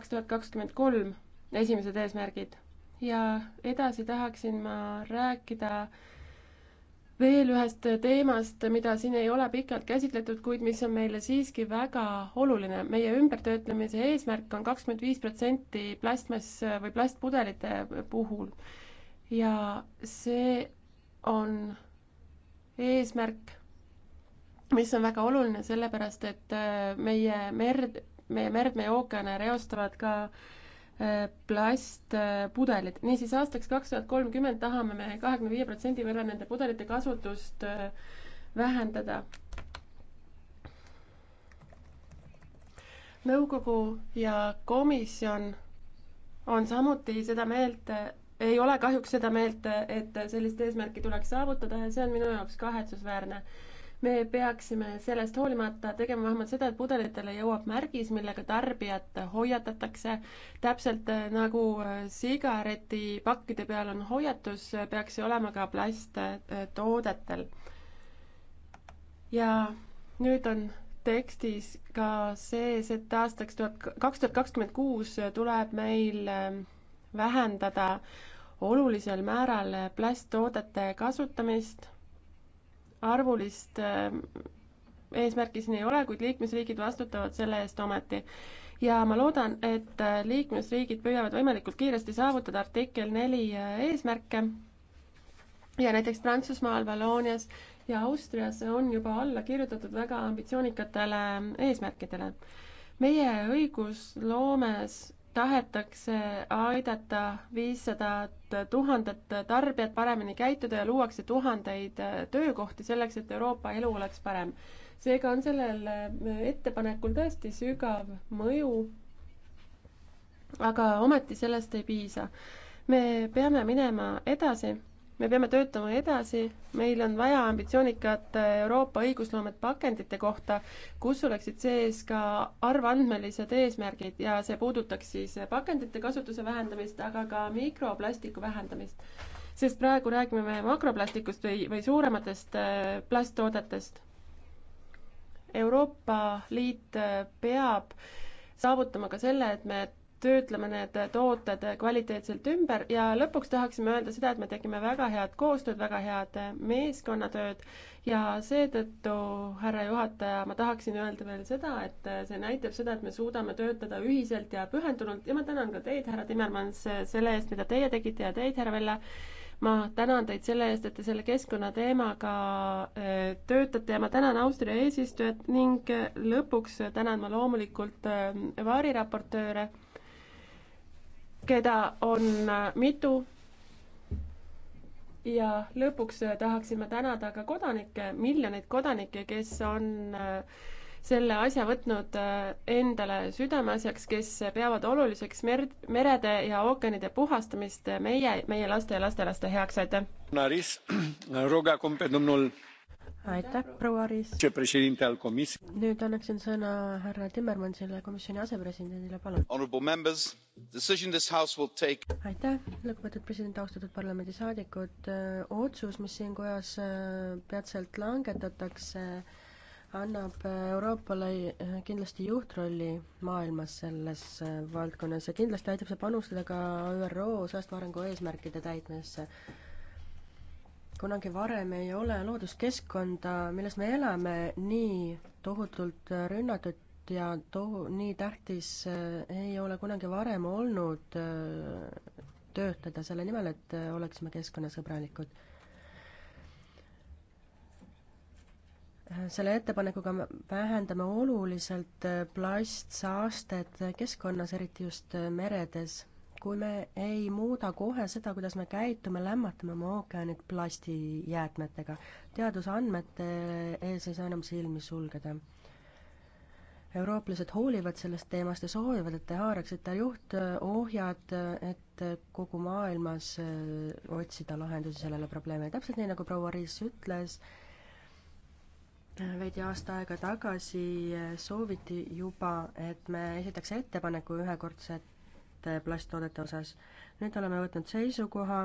kaks tuhat kakskümmend kolm esimesed eesmärgid ja edasi tahaksin ma rääkida veel ühest teemast, mida siin ei ole pikalt käsitletud, kuid mis on meile siiski väga oluline. meie ümbertöötlemise eesmärk on kakskümmend viis protsenti plastmass või plastpudelite puhul. ja see on eesmärk, mis on väga oluline, sellepärast et meie merd, meie merd, meie ookeane reostavad ka äh, plastpudelid. niisiis aastaks kaks tuhat kolmkümmend tahame me kahekümne viie protsendi võrra nende pudelite kasutust äh, vähendada. nõukogu ja komisjon on samuti seda meelt, ei ole kahjuks seda meelt, et sellist eesmärki tuleks saavutada ja see on minu jaoks kahetsusväärne me peaksime sellest hoolimata tegema vähemalt seda, et pudelitele jõuab märgis, millega tarbijat hoiatatakse. täpselt äh, nagu äh, sigaretipakkide peal on hoiatus, äh, peaks see olema ka plasttoodetel. ja nüüd on tekstis ka sees, et aastaks tuhat, kaks tuhat kakskümmend kuus tuleb meil ähm, vähendada olulisel määral plasttoodete kasutamist arvulist äh, eesmärki siin ei ole, kuid liikmesriigid vastutavad selle eest ometi. ja ma loodan, et äh, liikmesriigid püüavad võimalikult kiiresti saavutada artikkel neli äh, eesmärke ja näiteks Prantsusmaal, Valoonias ja Austrias on juba alla kirjutatud väga ambitsioonikatele eesmärkidele. meie õigusloomes tahetakse aidata viissadat tuhandet tarbijat paremini käituda ja luuakse tuhandeid töökohti selleks, et Euroopa elu oleks parem. seega on sellel ettepanekul tõesti sügav mõju, aga ometi sellest ei piisa. me peame minema edasi me peame töötama edasi, meil on vaja ambitsioonikat Euroopa õigusloomet pakendite kohta, kus oleksid sees ka arvandmelised eesmärgid ja see puudutaks siis pakendite kasutuse vähendamist, aga ka mikroplastiku vähendamist. sest praegu räägime me makroplastikust või, või suurematest äh, plasttoodetest. Euroopa Liit äh, peab saavutama ka selle, et me töötleme need tooted kvaliteetselt ümber ja lõpuks tahaksime öelda seda, et me tegime väga head koostööd, väga head meeskonnatööd ja seetõttu, härra juhataja, ma tahaksin öelda veel seda, et see näitab seda, et me suudame töötada ühiselt ja pühendunult ja ma tänan ka teid, härra Timmermans, selle eest, mida teie tegite ja teid, härra Vella ma tänan teid selle eest, et te selle keskkonnateemaga äh, töötate ja ma tänan Austria eesistujat ning äh, lõpuks tänan ma loomulikult äh, variraportööre keda on äh, mitu. ja lõpuks äh, tahaksime tänada ka kodanikke, miljoneid kodanikke, kes on äh, selle asja võtnud endale südameasjaks, kes peavad oluliseks mer-, merede ja ookeanide puhastamist meie, meie laste ja lastelaste heaks, aitäh! aitäh, proua Riis. nüüd annaksin sõna härra Timmermansile, komisjoni asepresidendile, palun. aitäh, lugupeetud president, austatud parlamendisaadikud. Äh, otsus, mis siin kojas äh, peatselt langetatakse, annab äh, Euroopale kindlasti juhtrolli maailmas selles valdkonnas ja kindlasti aitab see panustada ka ÜRO säästva arengu eesmärkide täitmisse kunagi varem ei ole looduskeskkonda, milles me elame, nii tohutult rünnatud ja tohu-, nii tähtis äh, ei ole kunagi varem olnud äh, töötada selle nimel, et äh, oleksime keskkonnasõbralikud. selle ettepanekuga vähendame oluliselt plastsaastet keskkonnas, eriti just meredes kui me ei muuda kohe seda, kuidas me käitume, lämmatame oma ookeanid plastijäätmetega. teadusandmete ees ei saa enam silmi sulgeda. eurooplased hoolivad sellest teemast ja soovivad, et te haaraksite juhtohjad, et kogu maailmas eh, otsida lahendusi sellele probleemile, täpselt nii, nagu proua Riis ütles, veidi aasta aega tagasi eh, sooviti juba, et me esitaks ettepaneku ühekordsete erinevate plasttoodete osas. nüüd oleme võtnud seisukoha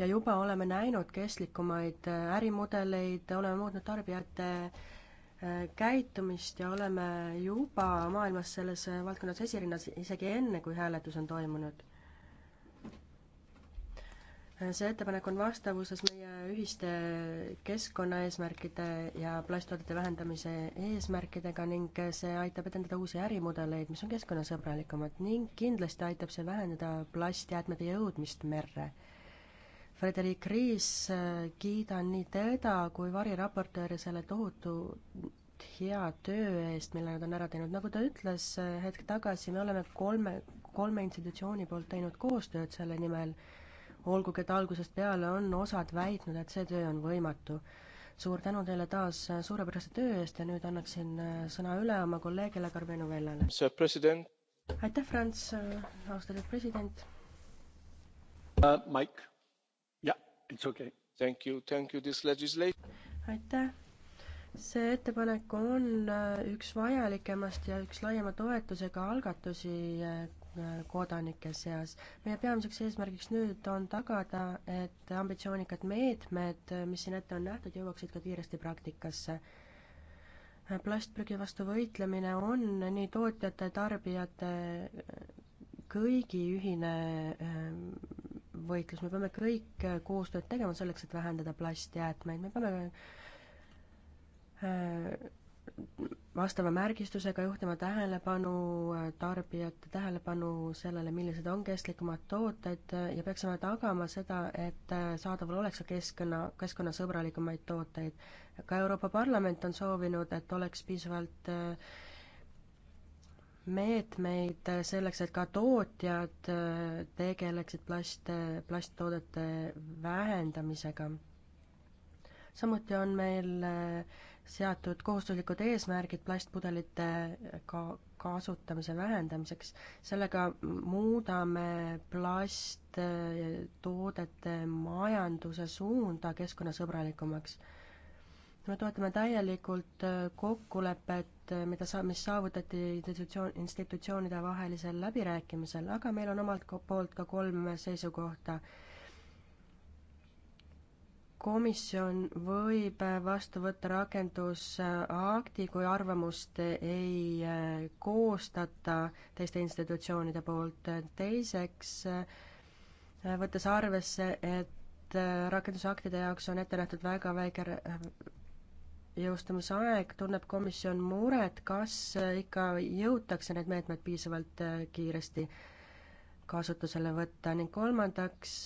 ja juba oleme näinud kestlikumaid äh, ärimudeleid, oleme muutnud tarbijate äh, käitumist ja oleme juba maailmas selles äh, valdkonnas esirinnas isegi enne, kui hääletus on toimunud see ettepanek on vastavuses meie ühiste keskkonnaeesmärkide ja plasttoodete vähendamise eesmärkidega ning see aitab edendada uusi ärimudeleid, mis on keskkonnasõbralikumad ning kindlasti aitab see vähendada plastjäätmete jõudmist merre. Frederik Riis, kiidan nii teda kui variraportööri selle tohutu hea töö eest, mille nad on ära teinud, nagu ta ütles hetk tagasi, me oleme kolme, kolme institutsiooni poolt teinud koostööd selle nimel, olgugi et algusest peale on osad väitnud, et see töö on võimatu. suur tänu teile taas äh, suurepärase töö eest ja nüüd annaksin äh, sõna üle oma kolleegile Carmenu Vellale. aitäh, Franz, äh, austatud president uh,. Mike, jah yeah,, it's okay. Thank you, thank you, this legislation. aitäh see ettepanek on üks vajalikemast ja üks laiema toetusega algatusi, kodanike seas. meie peamiseks eesmärgiks nüüd on tagada, et ambitsioonikad meetmed, mis siin ette on nähtud, jõuaksid ka kiiresti praktikasse plastprügi vastu võitlemine on nii tootjate, tarbijate, kõigi ühine ähm, võitlus, me peame kõik äh, koostööd tegema selleks, et vähendada plastjäätmeid, me peame äh, vastava märgistusega juhtima tähelepanu, äh, tarbijate tähelepanu sellele, millised on kestlikumad tooted äh, ja peaksime tagama seda, et äh, saadaval oleks ka keskkonna, keskkonnasõbralikumaid tooteid. ka Euroopa Parlament on soovinud, et oleks piisavalt meetmeid selleks, et ka tootjad tegeleksid plast, plasttoodete vähendamisega. samuti on meil äh, seatud kohustuslikud eesmärgid plastpudelite ka kasutamise vähendamiseks. sellega muudame plasttoodete majanduse suunda keskkonnasõbralikumaks. me toetame täielikult kokkulepet, mida sa, mis saavutati institutsioon, institutsioonide vahelisel läbirääkimisel, aga meil on omalt poolt ka kolm seisukohta komisjon võib vastu võtta rakendusakti, kui arvamust ei eh, koostata teiste institutsioonide poolt. teiseks, eh, võttes arvesse, et eh, rakendusaktide jaoks on ette nähtud väga väike jõustumisaeg, tunneb komisjon muret, kas ikka jõutakse need meetmed piisavalt kiiresti kasutusele võtta ning kolmandaks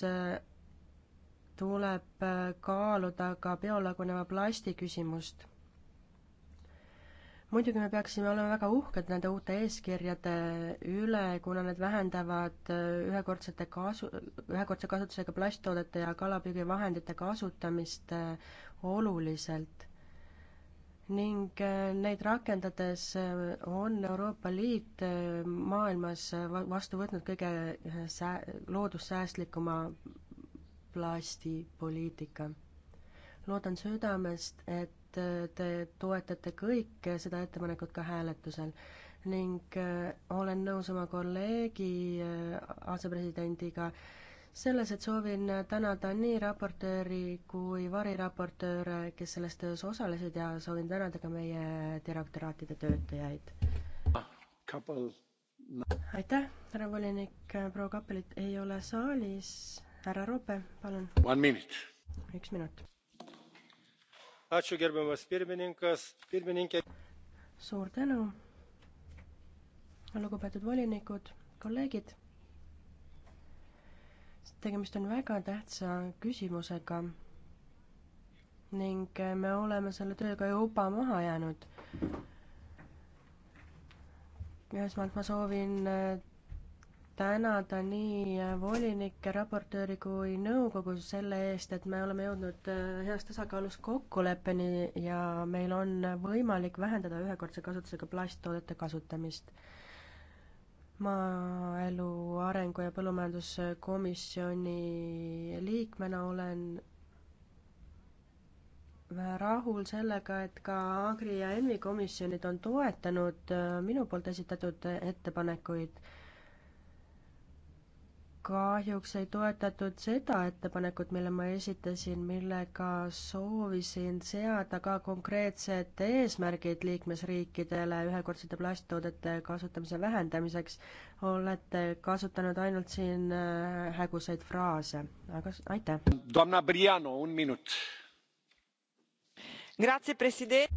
tuleb äh, kaaluda ka biolaguneva plasti küsimust. muidugi me peaksime olema väga uhked nende uute eeskirjade üle, kuna need vähendavad äh, ühekordsete kasu, ühekordse kasutusega plasttoodete ja kalapüügivahendite kasutamist äh, oluliselt ning neid rakendades on Euroopa Liit maailmas vastu võtnud kõige sää-, loodussäästlikuma plastipoliitika. loodan südamest, et te toetate kõike seda ettepanekut ka hääletusel ning äh, olen nõus oma kolleegi äh, asepresidendiga selles, et soovin tänada nii raportööri kui variraportööre, kes selles töös osalesid ja soovin tänada ka meie direktoraatide töötajaid. aitäh, härra volinik, proua Kappelit ei ole saalis härra Rope, palun. üks minut. suur tänu, lugupeetud volinikud, kolleegid. tegemist on väga tähtsa küsimusega ning me oleme selle tööga juba maha jäänud. ühesõnaga, ma soovin tänada nii volinikke, raportööri kui nõukogu selle eest, et me oleme jõudnud äh, heas tasakaalus kokkuleppeni ja meil on võimalik vähendada ühekordse kasutusega plasttoodete kasutamist maaelu arengu ja põllumajanduskomisjoni liikmena olen rahul sellega, et ka Agri ja Envi komisjonid on toetanud äh, minu poolt esitatud ettepanekuid kahjuks ei toetatud seda ettepanekut, mille ma esitasin, millega soovisin seada ka konkreetsed eesmärgid liikmesriikidele ühekordsete plasttoodete kasutamise vähendamiseks. olete kasutanud ainult siin äh, hägusaid fraase, aga aitäh.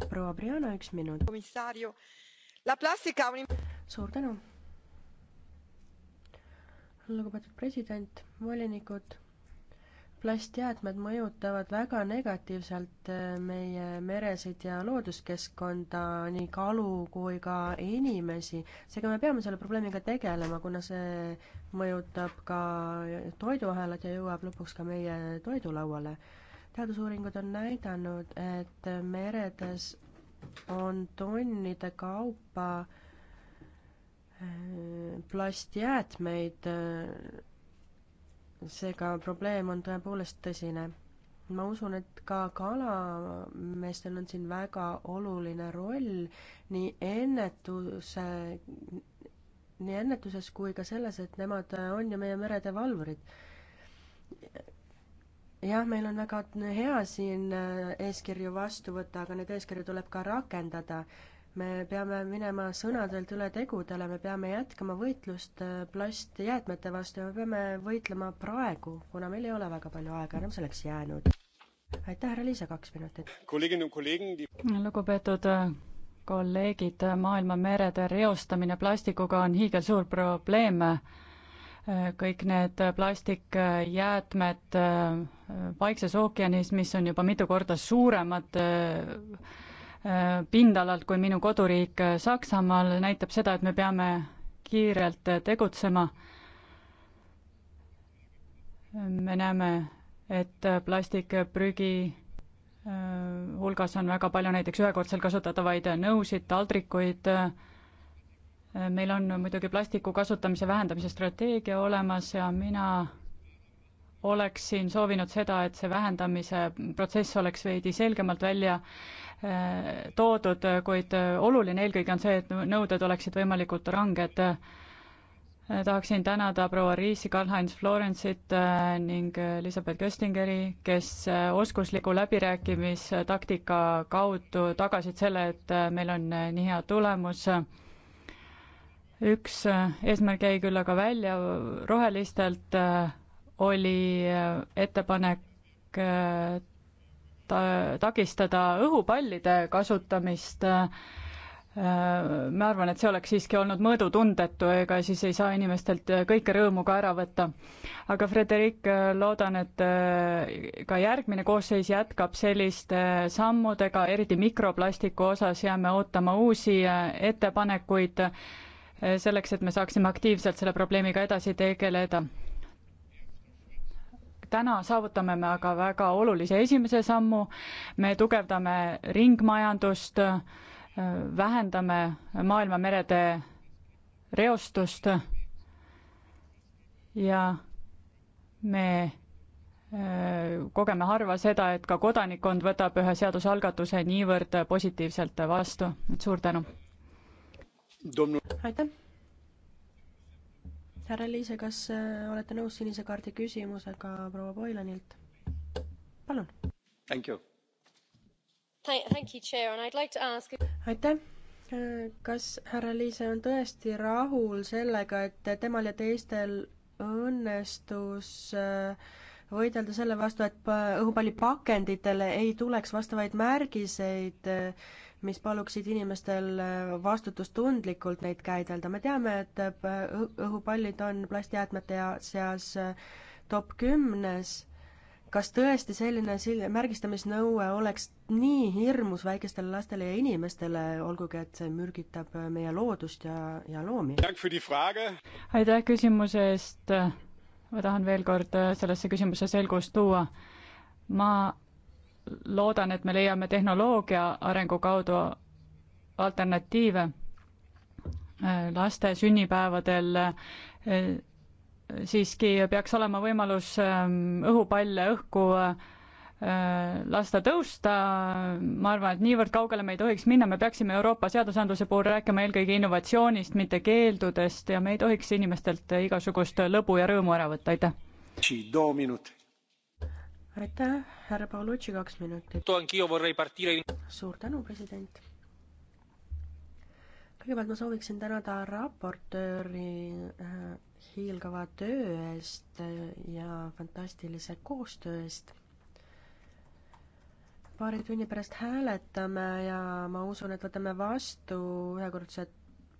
proua Briano, üks minut. suur tänu lugupeetud president, volinikud plastjäätmed mõjutavad väga negatiivselt äh, meie meresid ja looduskeskkonda, nii kalu kui ka inimesi. seega me peame selle probleemiga tegelema, kuna see mõjutab ka toiduahelat ja jõuab lõpuks ka meie toidulauale. teadusuuringud on näidanud, et meredes on tonnide kaupa äh, plastjäätmeid, seega probleem on tõepoolest tõsine. ma usun, et ka kalameestel on siin väga oluline roll nii ennetuse, nii ennetuses kui ka selles, et nemad on ju meie merede valvurid. jah, meil on väga hea siin eeskirju vastu võtta, aga need eeskirju tuleb ka rakendada me peame minema sõnadelt üle tegudele, me peame jätkama võitlust äh, plastjäätmete vastu ja me peame võitlema praegu, kuna meil ei ole väga palju aega enam selleks jäänud. aitäh, härra Liisa, kaks minutit. lugupeetud äh, kolleegid, äh, maailma merede reostamine plastikuga on hiigelsuur probleem. kõik need plastikjäätmed Vaikses ookeanis, mis on juba mitu korda suuremad pindalalt kui minu koduriik Saksamaal, näitab seda, et me peame kiirelt tegutsema. me näeme, et plastikprügi äh, hulgas on väga palju näiteks ühekordsel kasutatavaid nõusid, taldrikuid, meil on muidugi plastiku kasutamise vähendamise strateegia olemas ja mina oleksin soovinud seda, et see vähendamise protsess oleks veidi selgemalt välja äh, toodud, kuid äh, oluline eelkõige on see, et nõuded oleksid võimalikult ranged. Äh, tahaksin tänada proua Riisi, Karl-Heinz Florensit ning Elizabeth Köstingeri, kes oskusliku läbirääkimistaktika kaudu tagasid selle, et meil on nii hea tulemus üks eesmärk jäi küll aga välja rohelistelt äh, oli äh, ettepanek äh, ta-, takistada õhupallide kasutamist, äh, ma arvan, et see oleks siiski olnud mõõdutundetu, ega siis ei saa inimestelt kõike rõõmu ka ära võtta. aga Frederik, loodan, et ka järgmine koosseis jätkab selliste sammudega, eriti mikroplastiku osas jääme ootama uusi ettepanekuid selleks, et me saaksime aktiivselt selle probleemiga edasi tegeleda täna saavutame me aga väga olulise esimese sammu, me tugevdame ringmajandust, vähendame maailma merede reostust ja me äh, kogeme harva seda, et ka kodanikkond võtab ühe seadusalgatuse niivõrd positiivselt vastu, et suur tänu! aitäh! härra Liise, kas äh, olete nõus sinise kaardi küsimusega proua Boylanilt? palun. Like ask... aitäh äh, kas härra Liise on tõesti rahul sellega, et temal ja teistel õnnestus äh, võidelda selle vastu, et õhupallipakenditele ei tuleks vastavaid märgiseid mis paluksid inimestel äh, vastutustundlikult neid käidelda. me teame, et äh, õhupallid on plastijäätmete seas äh, top kümnes. kas tõesti selline sil-, märgistamisnõue oleks nii hirmus väikestele lastele ja inimestele, olgugi et see mürgitab meie loodust ja, ja loomi? aitäh küsimuse eest! ma tahan veel kord sellesse küsimusse selgust tuua. ma loodan, et me leiame tehnoloogia arengu kaudu alternatiive äh, laste sünnipäevadel äh, siiski peaks olema võimalus ähm, õhupalle õhku äh, lasta tõusta, ma arvan, et niivõrd kaugele me ei tohiks minna, me peaksime Euroopa seadusandluse puhul rääkima eelkõige innovatsioonist, mitte keeldudest ja me ei tohiks inimestelt igasugust lõbu ja rõõmu ära võtta, aitäh aitäh, härra Paolucci, kaks minutit. suur tänu, president. kõigepealt ma sooviksin tänada raportööri äh, hiilgava töö eest äh, ja fantastilise koostöö eest paari tunni pärast hääletame ja ma usun, et võtame vastu ühekordsed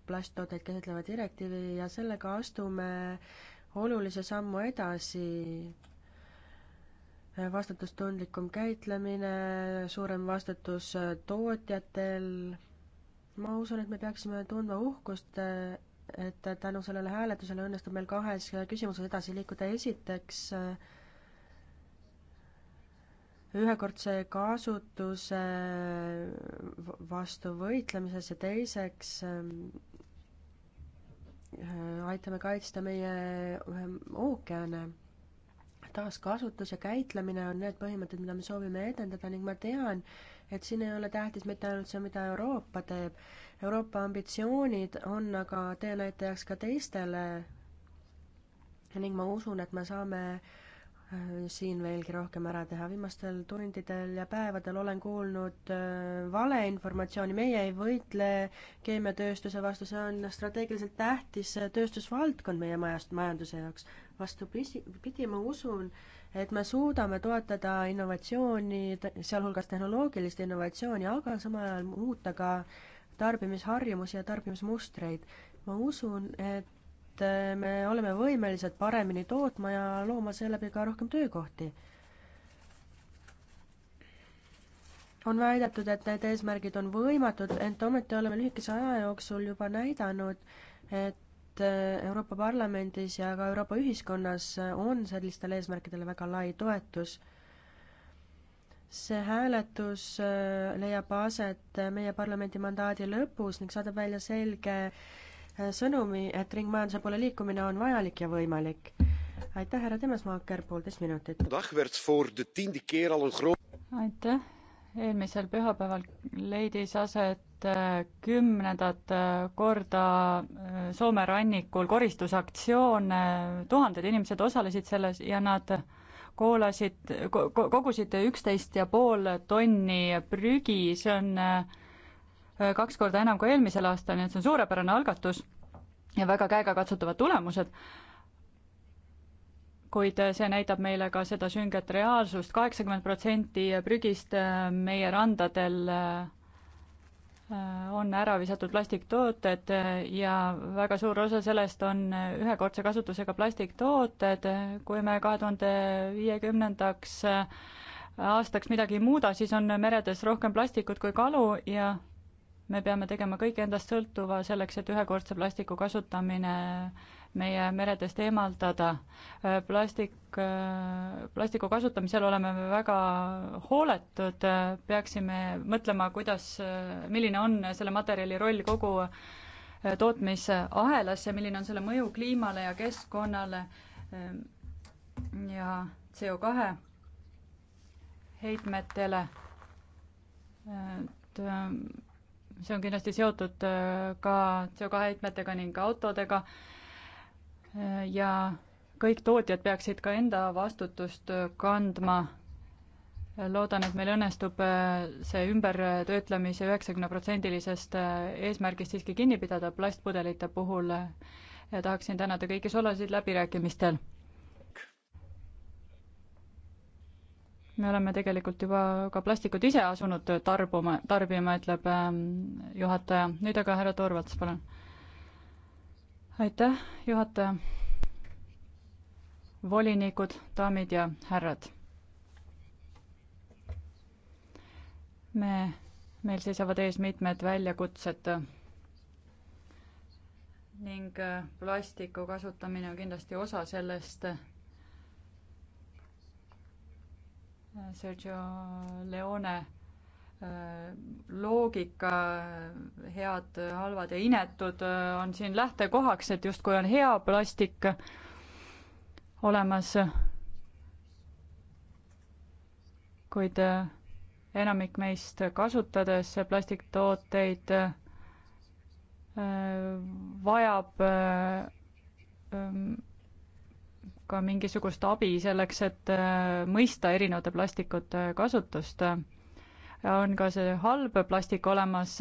plasttooteid käsitleva direktiivi ja sellega astume olulise sammu edasi vastutustundlikum käitlemine, suurem vastutus äh, tootjatel, ma usun, et me peaksime tundma uhkust, äh, et tänu sellele hääletusele õnnestub meil kahes küsimuses edasi liikuda, esiteks äh, ühekordse kasutuse vastu võitlemises ja teiseks aitame kaitsta meie ookeane taaskasutus ja käitlemine on need põhimõtted, mida me soovime edendada ning ma tean, et siin ei ole tähtis mitte ainult see, mida Euroopa teeb. Euroopa ambitsioonid on aga teenäitajaks ka teistele ning ma usun, et me saame äh, Äh, siin veelgi rohkem ära teha. viimastel tundidel ja päevadel olen kuulnud äh, valeinformatsiooni, meie ei võitle keemiatööstuse vastu, see on strateegiliselt tähtis äh, tööstusvaldkond meie majast, majanduse jaoks. vastupidi, ma usun, et me suudame toetada innovatsiooni, sealhulgas tehnoloogilist innovatsiooni, aga samal ajal muuta ka tarbimisharjumusi ja tarbimismustreid. ma usun, et et äh, me oleme võimelised paremini tootma ja looma seeläbi ka rohkem töökohti. on väidetud, et need eesmärgid on võimatud, ent ometi oleme lühikese aja jooksul juba näidanud, et äh, Euroopa Parlamendis ja ka Euroopa ühiskonnas on sellistele eesmärkidele väga lai toetus see hääletus äh, leiab aset meie parlamendi mandaadi lõpus ning saadab välja selge Äh, sõnumi, et ringmajanduse poole liikumine on vajalik ja võimalik. aitäh, härra Temesmaaker, poolteist minutit. aitäh, eelmisel pühapäeval leidis aset äh, kümnendat äh, korda Soome rannikul koristusaktsioon, tuhanded inimesed osalesid selles ja nad koolasid, kogusid üksteist ja pool tonni prügi, see on äh, Äh, kaks korda enam kui eelmisel aastal, nii et see on suurepärane algatus ja väga käegakatsutavad tulemused, kuid äh, see näitab meile ka seda sünget reaalsust, kaheksakümmend protsenti prügist äh, meie randadel on ära visatud plastiktooted ja väga suur osa sellest on ühekordse kasutusega plastiktooted, kui me kahe tuhande viiekümnendaks aastaks midagi ei muuda, siis on meredes rohkem plastikut kui kalu ja me peame tegema kõik endast sõltuva selleks, et ühekordse plastiku kasutamine meie meredest eemaldada. Äh, plastik, äh, plastiku kasutamisel oleme me väga hooletud, peaksime mõtlema, kuidas, äh, milline on selle materjali roll kogu tootmisahelas ja milline on selle mõju kliimale ja keskkonnale ähm, ja CO kahe heitmetele. et ähm, see on kindlasti seotud äh, ka CO2 heitmetega ning autodega äh, ja kõik tootjad peaksid ka enda vastutust äh, kandma. loodan, et meil õnnestub see ümbertöötlemise üheksakümneprotsendilisest eesmärgist siiski kinni pidada plastpudelite puhul ja tahaksin tänada kõiki osalejaid läbirääkimistel me oleme tegelikult juba ka plastikut ise asunud tarbuma, tarbima, ütleb ähm, juhataja. nüüd aga härra Torvalds, palun. aitäh, juhataja. volinikud, daamid ja härrad. me, meil seisavad ees mitmed väljakutsed ning äh, plastiku kasutamine on kindlasti osa sellest Sergio Leone äh, loogika, head, halvad ja inetud äh, on siin lähtekohaks, et justkui on hea plastik olemas. kuid äh, enamik meist, kasutades plastiktooteid, vajab ähm, ka mingisugust abi selleks, et äh, mõista erinevate plastikute kasutust. on ka see halb plastik olemas.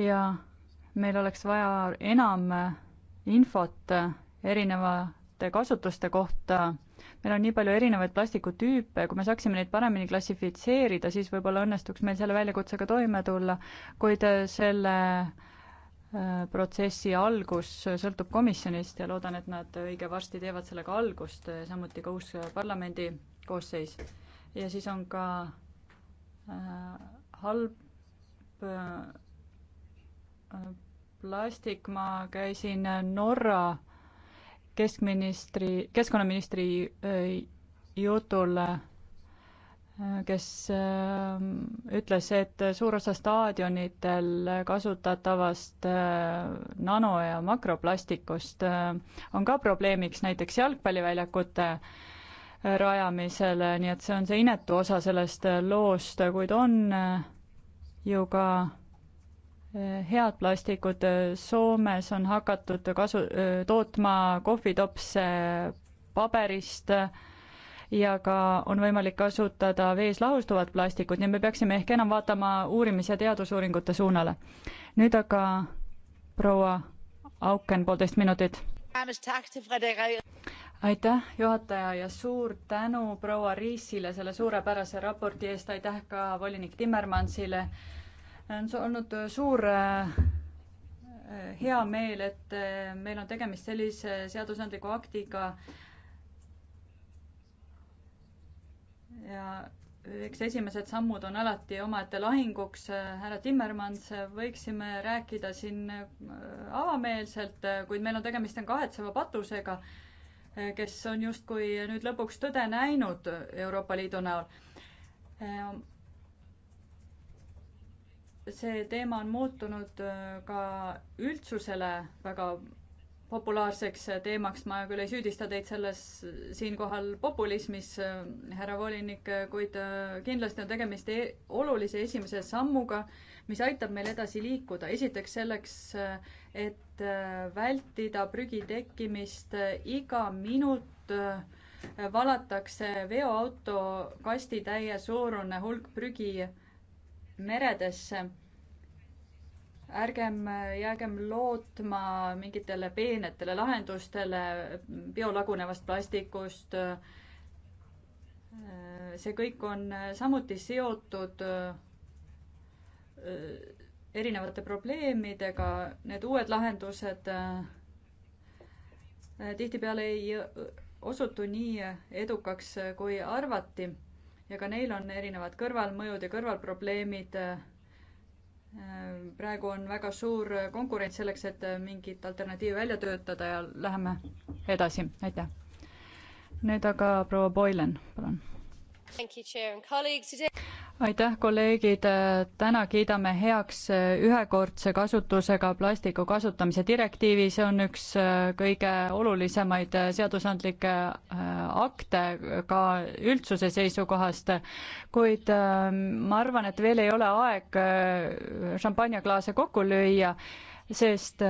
ja meil oleks vaja enam infot erinevate kasutuste kohta. meil on nii palju erinevaid plastikutüüpe, kui me saaksime neid paremini klassifitseerida, siis võib-olla õnnestuks meil selle väljakutsega toime tulla, kuid äh, selle äh, Äh, protsessi algus sõltub komisjonist ja loodan, et nad õige varsti teevad sellega algust, äh, samuti ka uus äh, parlamendi koosseis. ja siis on ka äh, halb äh, plastik, ma käisin Norra keskministri, keskkonnaministri äh, jutul äh, kes ähm, ütles, et suur osa staadionitel kasutatavast äh, nano- ja makroplastikust äh, on ka probleemiks näiteks jalgpalliväljakute äh, rajamisel, nii et see on see inetu osa sellest loost, kuid on ju ka head plastikud, Soomes on hakatud kasu, tootma kohvitopse paberist, ja ka on võimalik kasutada vees lahustuvat plastikut, nii et me peaksime ehk enam vaatama uurimis- ja teadusuuringute suunale. nüüd aga proua Auken, poolteist minutit. aitäh, juhataja, ja suur tänu proua Riisile selle suurepärase raporti eest, aitäh ka volinik Timmermansile. on olnud suur äh, hea meel, et äh, meil on tegemist sellise seadusandliku aktiga, ja eks esimesed sammud on alati omaette lahinguks. härra Timmermans, võiksime rääkida siin äh, avameelselt, äh, kuid meil on tegemist on kahetseva patusega, äh, kes on justkui nüüd lõpuks tõde näinud Euroopa Liidu näol. see teema on muutunud ka üldsusele väga populaarseks teemaks, ma küll ei süüdista teid selles siinkohal populismis, härra volinik, kuid äh, kindlasti on tegemist e olulise esimese sammuga, mis aitab meil edasi liikuda. esiteks selleks, äh, et äh, vältida prügi tekkimist iga minut valatakse veoauto kastitäie suurune hulk prügi meredesse ärgem jäägem lootma mingitele peenetele lahendustele biolagunevast plastikust. see kõik on samuti seotud äh, erinevate probleemidega, need uued lahendused äh, tihtipeale ei äh, osutu nii edukaks, kui arvati ja ka neil on erinevad kõrvalmõjud ja kõrvalprobleemid Äh, praegu on väga suur äh, konkurents selleks, et äh, mingit alternatiivi välja töötada ja läheme edasi, aitäh. nüüd aga proua Boylan, palun aitäh, kolleegid, täna kiidame heaks ühekordse kasutusega plastiku kasutamise direktiivi, see on üks äh, kõige olulisemaid äh, seadusandlikke äh, akte ka üldsuse seisukohast, kuid ähm, ma arvan, et veel ei ole aeg šampanjaklaase kokku lüüa, sest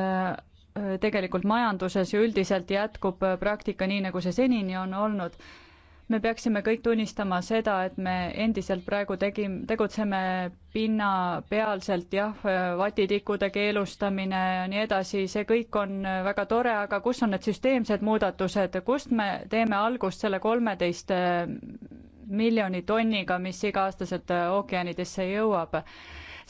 tegelikult majanduses ju üldiselt jätkub praktika nii, nagu see senini on olnud me peaksime kõik tunnistama seda, et me endiselt praegu tegime, tegutseme pinnapealselt, jah, vatitikkude keelustamine ja nii edasi, see kõik on väga tore, aga kus on need süsteemsed muudatused, kust me teeme algust selle kolmeteist eh, miljoni tonniga, mis iga-aastaselt eh, ookeanidesse jõuab?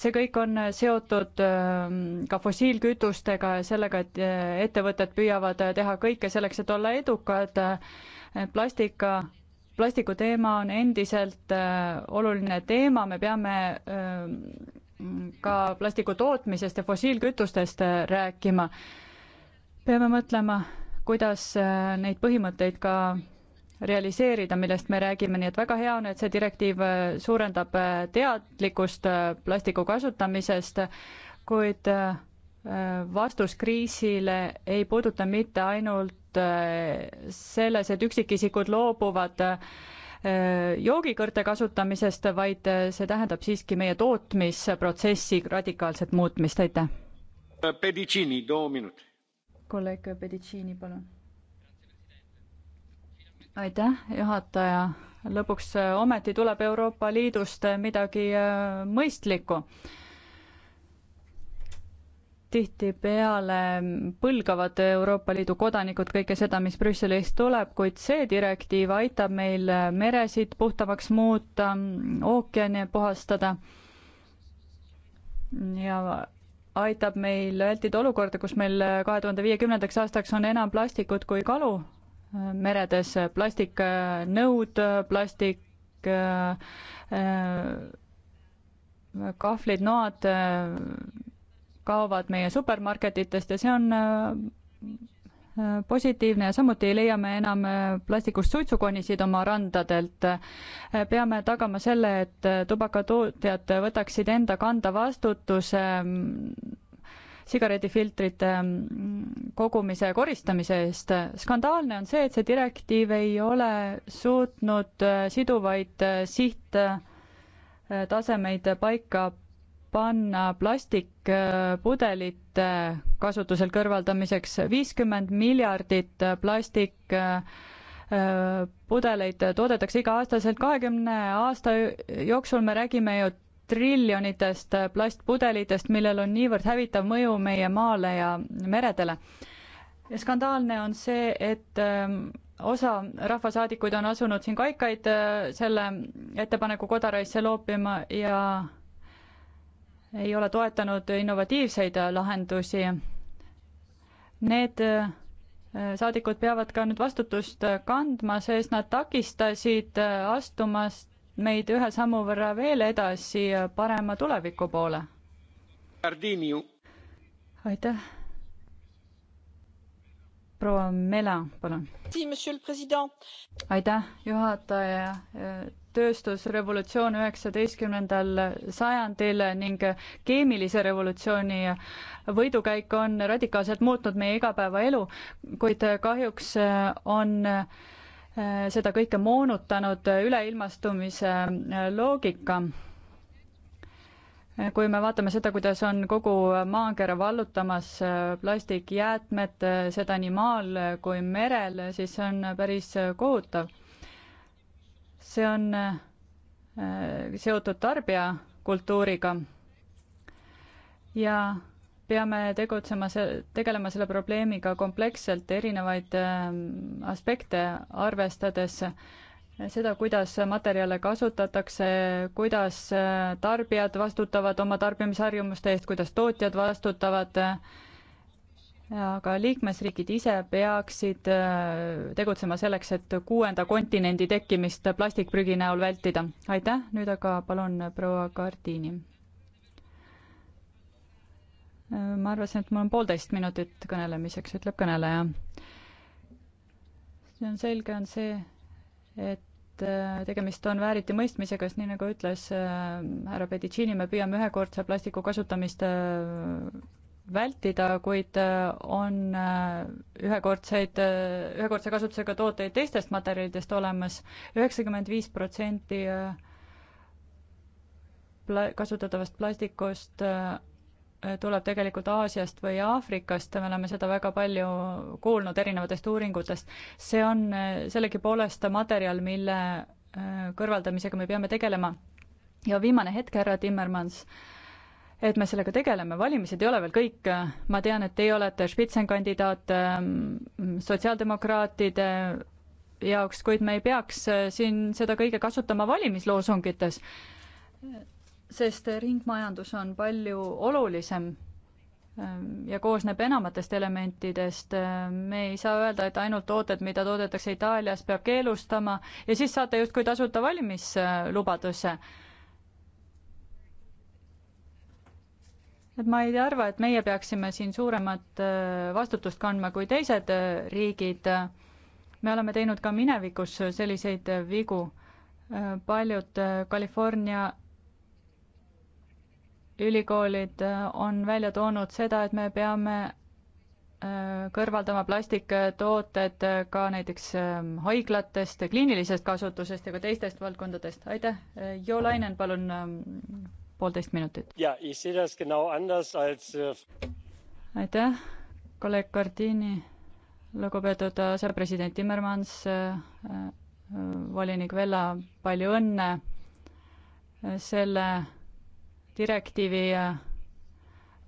see kõik on seotud eh, ka fossiilkütustega ja sellega, et ettevõtted püüavad teha kõike selleks, et olla edukad plastika plastiku teema on endiselt äh, oluline teema, me peame äh, ka plastiku tootmisest ja fossiilkütustest äh, rääkima. peame mõtlema, kuidas neid põhimõtteid ka realiseerida, millest me räägime, nii et väga hea on, et see direktiiv suurendab teadlikkust plastiku kasutamisest, kuid äh, Äh, vastus kriisile ei puuduta mitte ainult äh, selles, et üksikisikud loobuvad äh, joogikõrte kasutamisest, vaid see tähendab siiski meie tootmisprotsessi radikaalset muutmist, aitäh. Pedicini, too minut. kolleeg Pedicini, palun. aitäh, juhataja. lõpuks ometi tuleb Euroopa Liidust midagi mõistlikku tihtipeale põlgavad Euroopa Liidu kodanikud kõike seda, mis Brüsselist tuleb, kuid see direktiiv aitab meil meresid puhtamaks muuta, ookeane puhastada ja aitab meil vältida olukorda, kus meil kahe tuhande viiekümnendaks aastaks on enam plastikut kui kalu meredes, plastiknõud, plastik äh, äh, äh, kahvlid, noad äh,, kaovad meie supermarketitest ja see on äh, äh, positiivne ja samuti ei leia me enam äh, plastikust suitsukonisid oma randadelt. peame tagama selle, et tubakatootjad võtaksid enda kanda vastutuse mm, sigaretifiltrite mm, kogumise ja koristamise eest. skandaalne on see, et see direktiiv ei ole suutnud siduvaid siht tasemeid paika panna plastikpudelite kasutuselt kõrvaldamiseks viiskümmend miljardit plastikpudeleid äh, toodetakse iga-aastaselt, kahekümne aasta jooksul me räägime ju triljonitest plastpudelitest, millel on niivõrd hävitav mõju meie maale ja meredele. ja skandaalne on see, et ähm, osa rahvasaadikuid on asunud siin kaikaid äh, selle ettepaneku kodaraisse loopima ja ei ole toetanud innovatiivseid lahendusi. Need äh, saadikud peavad ka nüüd vastutust kandma, sest nad takistasid äh, astumast meid ühe sammu võrra veel edasi äh, parema tuleviku poole. aitäh. proua Mela, palun. aitäh, juhataja tööstusrevolutsioon üheksateistkümnendal sajandil ning keemilise revolutsiooni võidukäik on radikaalselt muutnud meie igapäevaelu, kuid kahjuks on seda kõike moonutanud üleilmastumise loogika. kui me vaatame seda, kuidas on kogu maakera vallutamas plastikjäätmed, seda nii maal kui merel, siis see on päris kohutav see on äh, seotud tarbijakultuuriga ja peame tegutsema, tegelema selle probleemiga kompleksselt, erinevaid äh, aspekte arvestades, seda, kuidas materjale kasutatakse, kuidas äh, tarbijad vastutavad oma tarbimisharjumuste eest, kuidas tootjad vastutavad äh, aga liikmesriigid ise peaksid äh, tegutsema selleks, et kuuenda kontinendi tekkimist plastikprügi näol vältida. aitäh, nüüd aga palun proua Gardini. Äh, ma arvasin, et mul on poolteist minutit kõnelemiseks, ütleb kõneleja. see on selge, on see, et äh, tegemist on vääritimõistmisega, sest nii nagu ütles härra Pedicini, me püüame ühekordse plastiku kasutamist vältida, kuid äh, on äh, ühekordseid, äh, ühekordse kasutusega tooteid teistest materjalidest olemas. üheksakümmend viis protsenti pla-, kasutatavast plastikust tuleb tegelikult Aasiast või Aafrikast, me oleme seda väga palju kuulnud erinevatest uuringutest. see on sellegipoolest materjal, mille kõrvaldamisega me peame tegelema. ja viimane hetk, härra Timmermans äh,, et me sellega tegeleme, valimised ei ole veel kõik, ma tean, et teie olete spitsenkandidaat ähm, sotsiaaldemokraatide jaoks, kuid me ei peaks äh, siin seda kõige kasutama valimisloosungites, sest ringmajandus on palju olulisem ähm, ja koosneb enamatest elementidest. Ähm, me ei saa öelda, et ainult tooted, mida toodetakse Itaalias, peab keelustama ja siis saate justkui tasuta valimislubaduse et ma ei arva, et meie peaksime siin suuremat äh, vastutust kandma kui teised äh, riigid. me oleme teinud ka minevikus selliseid äh, vigu. paljud California ülikoolid on välja toonud seda, et me peame kõrvaldama plastiktooted ka näiteks ähm, haiglatest, kliinilisest kasutusest ja ka teistest valdkondadest. aitäh, Jo Lainen, palun ähm, poolteist minutit. Äh, aitäh, kolleeg Gardini, lugupeetud asepresident äh, Timmermans, äh, volinik Vella, palju õnne selle direktiivi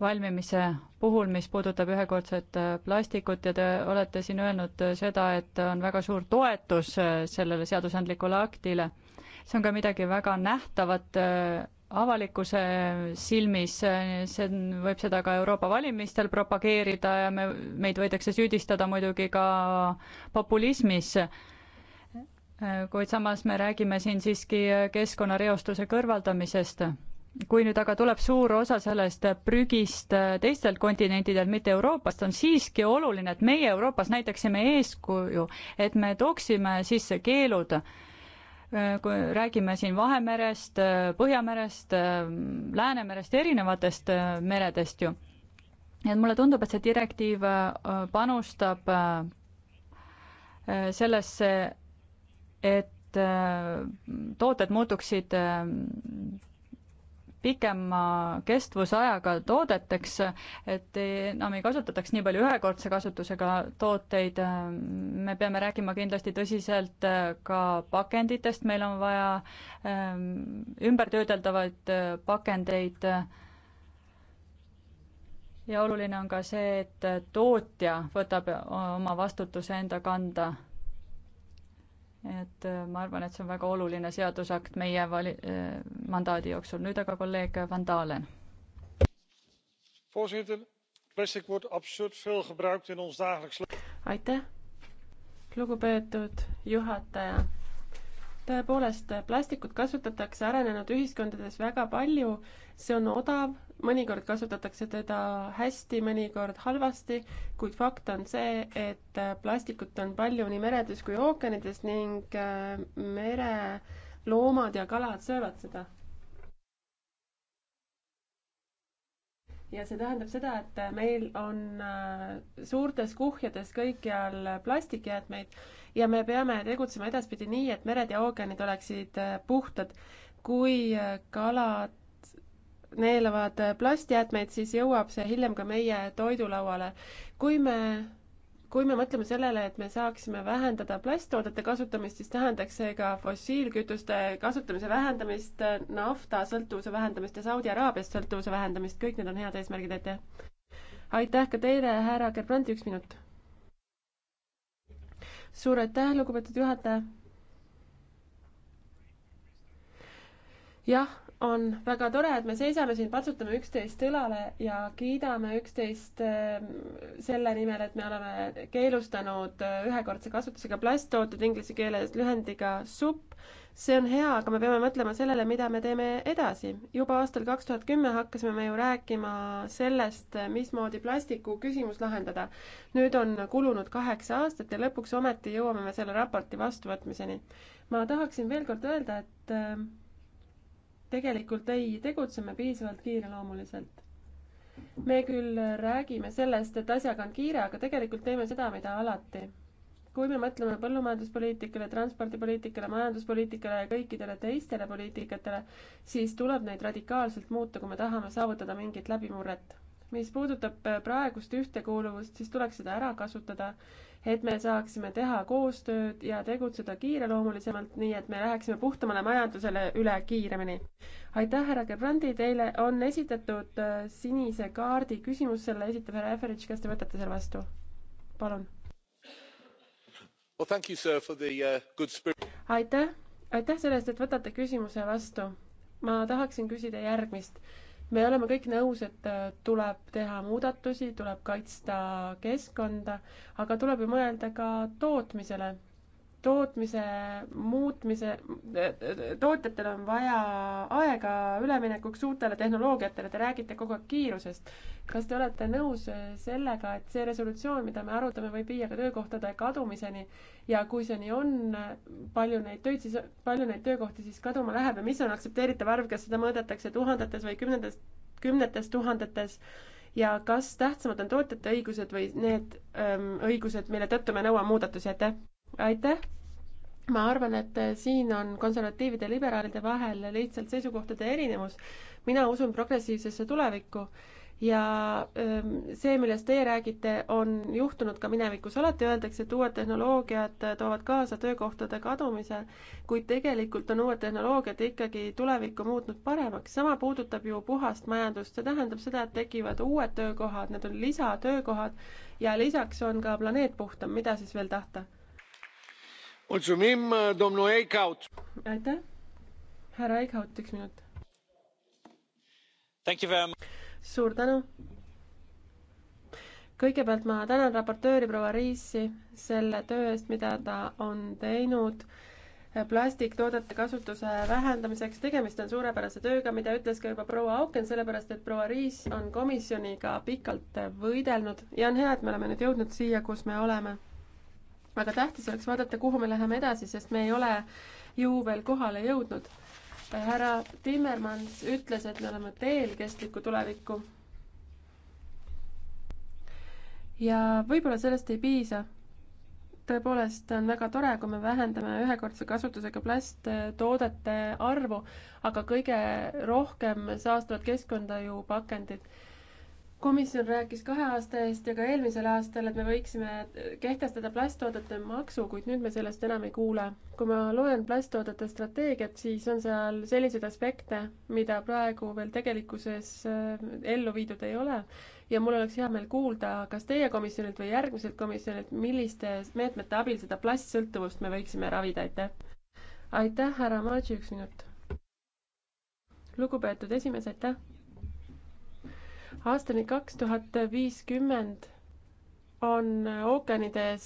valmimise puhul, mis puudutab ühekordset plastikut ja te olete siin öelnud seda, et on väga suur toetus sellele seadusandlikule aktile. see on ka midagi väga nähtavat avalikkuse silmis, see on, võib seda ka Euroopa valimistel propageerida ja me, meid võidakse süüdistada muidugi ka populismis, kuid samas me räägime siin siiski keskkonnareostuse kõrvaldamisest. kui nüüd aga tuleb suur osa sellest prügist teistelt kontinentidelt, mitte Euroopast, on siiski oluline, et meie Euroopas näitaksime eeskuju, et me tooksime sisse keelud Äh, kui räägime siin Vahemerest, äh, Põhjamerest, äh, Läänemerest, erinevatest meredest ju. nii et mulle tundub, et see direktiiv panustab sellesse, et tooted muutuksid pikema kestvusajaga toodeteks, et enam ei kasutataks nii palju ühekordse kasutusega tooteid. me peame rääkima kindlasti tõsiselt ka pakenditest, meil on vaja ähm, ümbertöödeldavaid äh, pakendeid. ja oluline on ka see, et tootja võtab oma vastutuse enda kanda et äh, ma arvan, et see on väga oluline seadusakt meie vali-, äh, mandaadi jooksul. nüüd aga kolleeg Van Dalen. aitäh, lugupeetud juhataja tõepoolest, plastikut kasutatakse arenenud ühiskondades väga palju, see on odav, mõnikord kasutatakse teda hästi, mõnikord halvasti, kuid fakt on see, et plastikut on palju nii meredes kui ookeanides ning äh, mereloomad ja kalad söövad seda ja see tähendab seda, et meil on äh, suurtes kuhjades kõikjal plastikjäätmeid ja me peame tegutsema edaspidi nii, et mered ja ookeanid oleksid äh, puhtad. kui äh, kalad neelavad plastjäätmeid, siis jõuab see hiljem ka meie toidulauale. kui me kui me mõtleme sellele, et me saaksime vähendada plasttoodete kasutamist, siis tähendaks see ka fossiilkütuste kasutamise vähendamist, nafta sõltuvuse vähendamist ja Saudi Araabiast sõltuvuse vähendamist, kõik need on head eesmärgid, aitäh! aitäh ka teile, härra Gerbrandi, üks minut! suur aitäh, lugupeetud juhataja! jah on väga tore, et me seisame siin, patsutame üksteist õlale ja kiidame üksteist ehm, selle nimel, et me oleme keelustanud eh, ühekordse kasutusega plasttooted inglise keeles lühendiga supp. see on hea, aga me peame mõtlema sellele, mida me teeme edasi. juba aastal kaks tuhat kümme hakkasime me ju rääkima sellest, eh, mismoodi plastiku küsimus lahendada. nüüd on kulunud kaheksa aastat ja lõpuks ometi jõuame me selle raporti vastuvõtmiseni. ma tahaksin veel kord öelda, et ehm, tegelikult ei tegutse me piisavalt kiireloomuliselt. me küll räägime sellest, et asjaga on kiire, aga tegelikult teeme seda, mida alati. kui me mõtleme põllumajanduspoliitikale, transpordipoliitikale, majanduspoliitikale ja kõikidele teistele poliitikatele, siis tuleb neid radikaalselt muuta, kui me tahame saavutada mingit läbimurret mis puudutab praegust ühtekuuluvust, siis tuleks seda ära kasutada et me saaksime teha koostööd ja tegutseda kiireloomulisemalt, nii et me läheksime puhtamale majandusele üle kiiremini. aitäh, härra Gerbrandi, teile on esitatud äh, sinise kaardi küsimus, selle esitab härra Eferitš, kas te võtate selle vastu? palun well,. Uh, aitäh, aitäh selle eest, et võtate küsimuse vastu. ma tahaksin küsida järgmist me oleme kõik nõus, et äh, tuleb teha muudatusi, tuleb kaitsta keskkonda, aga tuleb ju mõelda ka tootmisele tootmise muutmise, tootjatel on vaja aega üleminekuks uutele tehnoloogiatele, te räägite kogu aeg kiirusest. kas te olete nõus sellega, et see resolutsioon, mida me arutame, võib viia ka töökohtade kadumiseni ja kui see nii on, palju neid töid siis, palju neid töökohti siis kaduma läheb ja mis on aktsepteeritav arv, kas seda mõõdetakse tuhandetes või kümnetes, kümnetes tuhandetes ja kas tähtsamad on tootjate õigused või need öö, ähm, õigused, mille tõttu me nõuame muudatusi, aitäh! aitäh! ma arvan, et siin on konservatiivide ja liberaalide vahel lihtsalt seisukohtade erinevus. mina usun progressiivsesse tulevikku ja ähm, see, millest teie räägite, on juhtunud ka minevikus. alati öeldakse, et uued tehnoloogiad toovad kaasa töökohtade kadumise, kuid tegelikult on uued tehnoloogiad ikkagi tulevikku muutnud paremaks. sama puudutab ju puhast majandust, see tähendab seda, et tekivad uued töökohad, need on lisatöökohad ja lisaks on ka planeet puhtam, mida siis veel tahta Uh, aitäh! härra Eickhout, üks minut. suur tänu! kõigepealt ma tänan raportööri proua Riisi selle töö eest, mida ta on teinud eh, plastiktoodete kasutuse vähendamiseks. tegemist on suurepärase tööga, mida ütles ka juba proua Auken, sellepärast et proua Riis on komisjoniga pikalt võidelnud ja on hea, et me oleme nüüd jõudnud siia, kus me oleme aga tähtis oleks vaadata, kuhu me läheme edasi, sest me ei ole ju veel kohale jõudnud. härra Timmermans ütles, et me oleme teel kestlikku tulevikku. ja võib-olla sellest ei piisa. tõepoolest on väga tore, kui me vähendame ühekordse kasutusega plasttoodete eh, arvu, aga kõige rohkem saastavad keskkonda ju pakendid komisjon rääkis kahe aasta eest ja ka eelmisel aastal, et me võiksime kehtestada plasttoodete maksu, kuid nüüd me sellest enam ei kuule. kui ma loen plasttoodete strateegiat, siis on seal selliseid aspekte, mida praegu veel tegelikkuses äh, ellu viidud ei ole. ja mul oleks hea meel kuulda, kas teie komisjonilt või järgmiselt komisjonilt, milliste meetmete abil seda plastsõltuvust me võiksime ravida, aitäh. aitäh, härra Margi, üks minut. lugupeetud esimees, aitäh aastani kaks tuhat viiskümmend on ookeanides,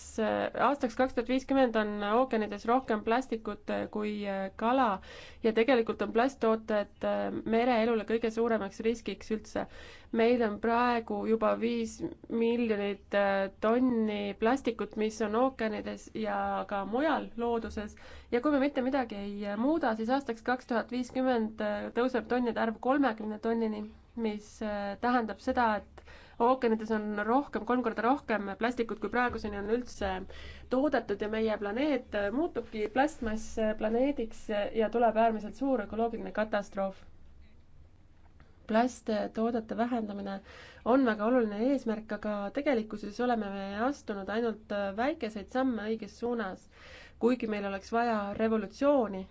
aastaks kaks tuhat viiskümmend on ookeanides rohkem plastikut kui äh, kala ja tegelikult on plasttooted äh, mereelule kõige suuremaks riskiks üldse. meil on praegu juba viis miljonit äh, tonni plastikut, mis on ookeanides ja ka mujal looduses ja kui me mitte midagi ei muuda, siis aastaks kaks tuhat viiskümmend tõuseb tonnide arv kolmekümne tonnini mis äh, tähendab seda, et ookeanides on rohkem, kolm korda rohkem plastikut, kui praeguseni on üldse toodetud ja meie planeet äh, muutubki plastmassplaneediks äh, ja tuleb äärmiselt suur ökoloogiline katastroof. plasttoodete vähendamine on väga oluline eesmärk, aga tegelikkuses oleme me astunud ainult väikeseid samme õiges suunas, kuigi meil oleks vaja revolutsiooni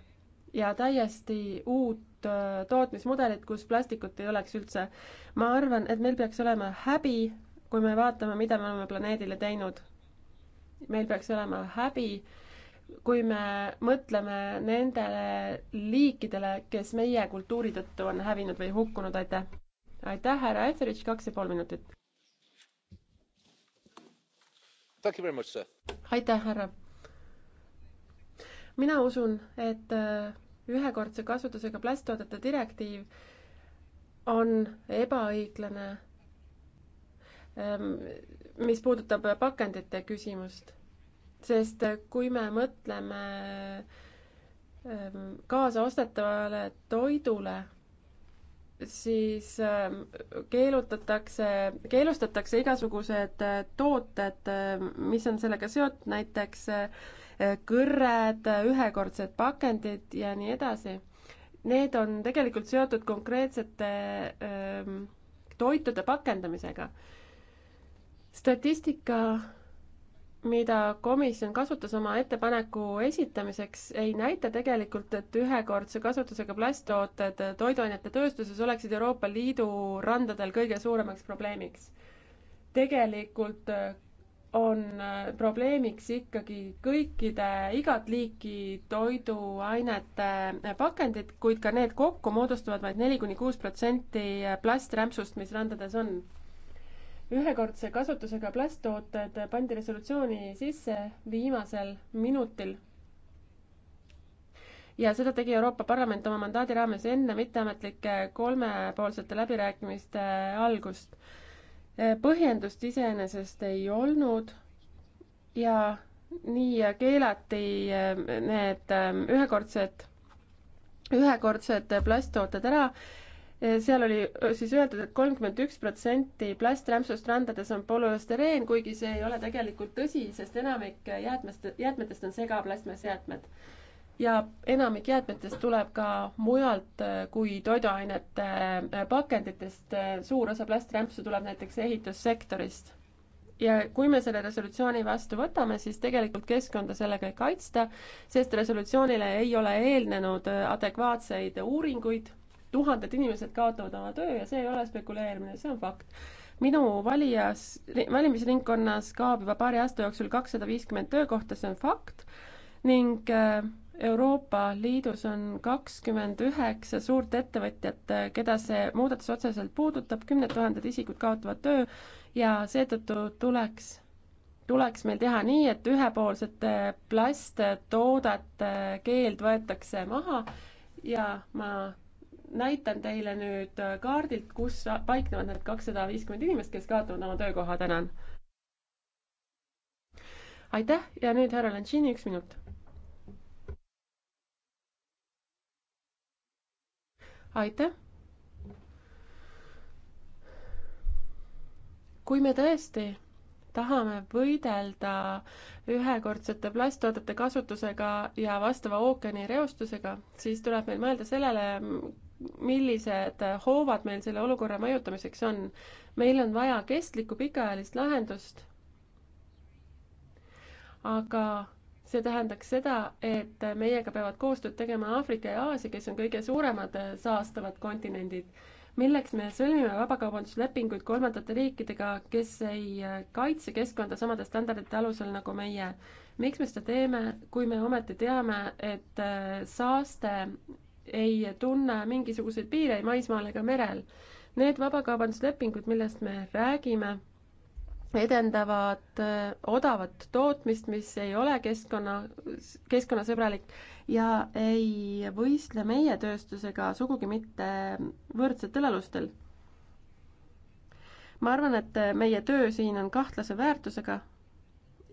ja täiesti uut uut äh, tootmismudelit, kus plastikut ei oleks üldse. ma arvan, et meil peaks olema häbi, kui me vaatame, mida me oleme planeedile teinud. meil peaks olema häbi, kui me mõtleme nendele liikidele, kes meie kultuuri tõttu on hävinud või hukkunud, aitäh. aitäh, härra Etheridge, kaks ja pool minutit. aitäh, härra. mina usun, et äh, ühekordse kasutusega plasttoodete direktiiv on ebaõiglane, ehm, mis puudutab pakendite küsimust. sest kui me mõtleme ehm, kaasaostetavale toidule, siis ehm, keelutatakse, keelustatakse igasugused tooted, mis on sellega seotud, näiteks äh, kõrred, ühekordsed pakendid ja nii edasi. Need on tegelikult seotud konkreetsete öö, ähm, toitude pakendamisega. statistika, mida komisjon kasutas oma ettepaneku esitamiseks, ei näita tegelikult, et ühekordse kasutusega plasttooted toiduainete tööstuses oleksid Euroopa Liidu randadel kõige suuremaks probleemiks tegelikult äh, on äh, probleemiks ikkagi kõikide igat liiki toiduainete äh, pakendid, kuid ka need kokku moodustavad vaid neli kuni kuus protsenti äh, plasträmpsust, mis randades on. ühekordse kasutusega plasttooted pandi resolutsiooni sisse viimasel minutil. ja seda tegi Euroopa Parlament oma mandaadi raames enne mitteametlike kolmepoolsete läbirääkimiste algust Äh, põhjendust iseenesest ei olnud ja nii äh, keelati äh, need ähm, ühekordsed, ühekordsed plasttooted ära. seal oli siis öeldud et, et kolmkümmend üks protsenti plasträmpsust randades on polüestereen, kuigi see ei ole tegelikult tõsi, sest enamik jäätmest, jäätmetest on segaplastmassjäätmed ja enamik jäätmetest tuleb ka mujalt äh, kui toiduainete äh, pakenditest, äh, suur osa plasträmpsu tuleb näiteks ehitussektorist. ja kui me selle resolutsiooni vastu võtame, siis tegelikult keskkonda sellega ei kaitsta, sest resolutsioonile ei ole eelnenud adekvaatseid uuringuid, tuhanded inimesed kaotavad oma töö ja see ei ole spekuleerimine, see on fakt minu valijas, valimisringkonnas kaob juba paari aasta jooksul kakssada viiskümmend töökohta, see on fakt, ning äh, Euroopa Liidus on kakskümmend üheksa suurt ettevõtjat, keda see muudatus otseselt puudutab, kümned tuhanded isikud kaotavad töö ja seetõttu tuleks, tuleks meil teha nii, et ühepoolsete plasttoodete keeld võetakse maha ja ma näitan teile nüüd kaardilt, kus paiknevad need kakssada viiskümmend inimest, kes kaotavad oma töökoha, tänan. aitäh ja nüüd härra Lantšini, üks minut aitäh. kui me tõesti tahame võidelda ühekordsete plasttoodete kasutusega ja vastava ookeani reostusega, siis tuleb meil mõelda sellele, millised hoovad meil selle olukorra mõjutamiseks on. meil on vaja kestlikku pikaajalist lahendust. aga see tähendaks seda, et meiega peavad koostööd tegema Aafrika ja Aasia, kes on kõige suuremad saastavad kontinendid. milleks me sõlmime vabakaubanduslepinguid kolmandate riikidega, kes ei kaitse keskkonda samade standardite alusel nagu meie? miks me seda teeme, kui me ometi teame, et saaste ei tunne mingisuguseid piireid maismaal ega merel? Need vabakaubanduslepingud, millest me räägime edendavad äh, odavat tootmist, mis ei ole keskkonna, keskkonnasõbralik ja ei võistle meie tööstusega sugugi mitte võrdsetel alustel. ma arvan, et meie töö siin on kahtlase väärtusega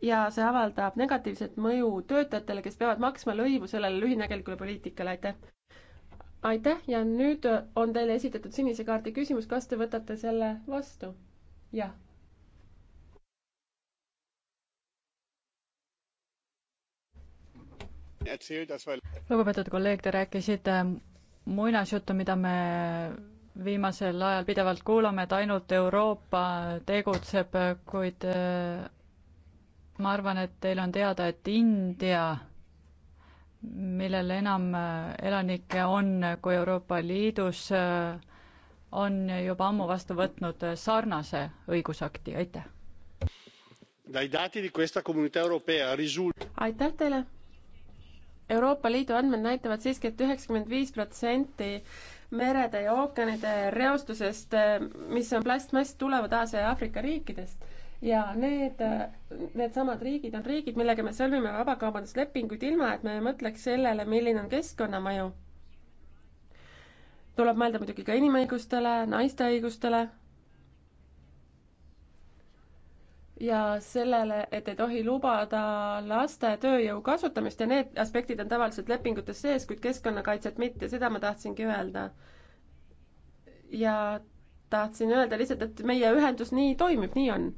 ja see avaldab negatiivset mõju töötajatele, kes peavad maksma lõivu sellele lühinägelikule poliitikale, aitäh! aitäh ja nüüd on teile esitatud sinise kaardi küsimus, kas te võtate selle vastu? jah lugupeetud kolleeg, te rääkisite äh, muinasjuttu, mida me viimasel ajal pidevalt kuulame, et ainult Euroopa tegutseb, kuid äh, ma arvan, et teil on teada, et India, millel enam äh, elanikke on kui Euroopa Liidus, on juba ammu vastu võtnud sarnase õigusakti, aitäh. aitäh teile Euroopa Liidu andmed näitavad siiski et, et üheksakümmend viis protsenti merede ja ookeanide reostusest, mis on plastmass, tulevad Aasia ja Aafrika riikidest ja need, needsamad riigid on riigid, millega me sõlmime vabakaubanduslepinguid, ilma et me mõtleks sellele, milline on keskkonnamõju. tuleb mõelda muidugi ka inimõigustele, naiste õigustele ja sellele, et ei tohi lubada laste tööjõu kasutamist ja need aspektid on tavaliselt lepingutes sees, kuid keskkonnakaitset mitte, seda ma tahtsingi öelda. ja tahtsin öelda lihtsalt, et meie ühendus nii toimib, nii on.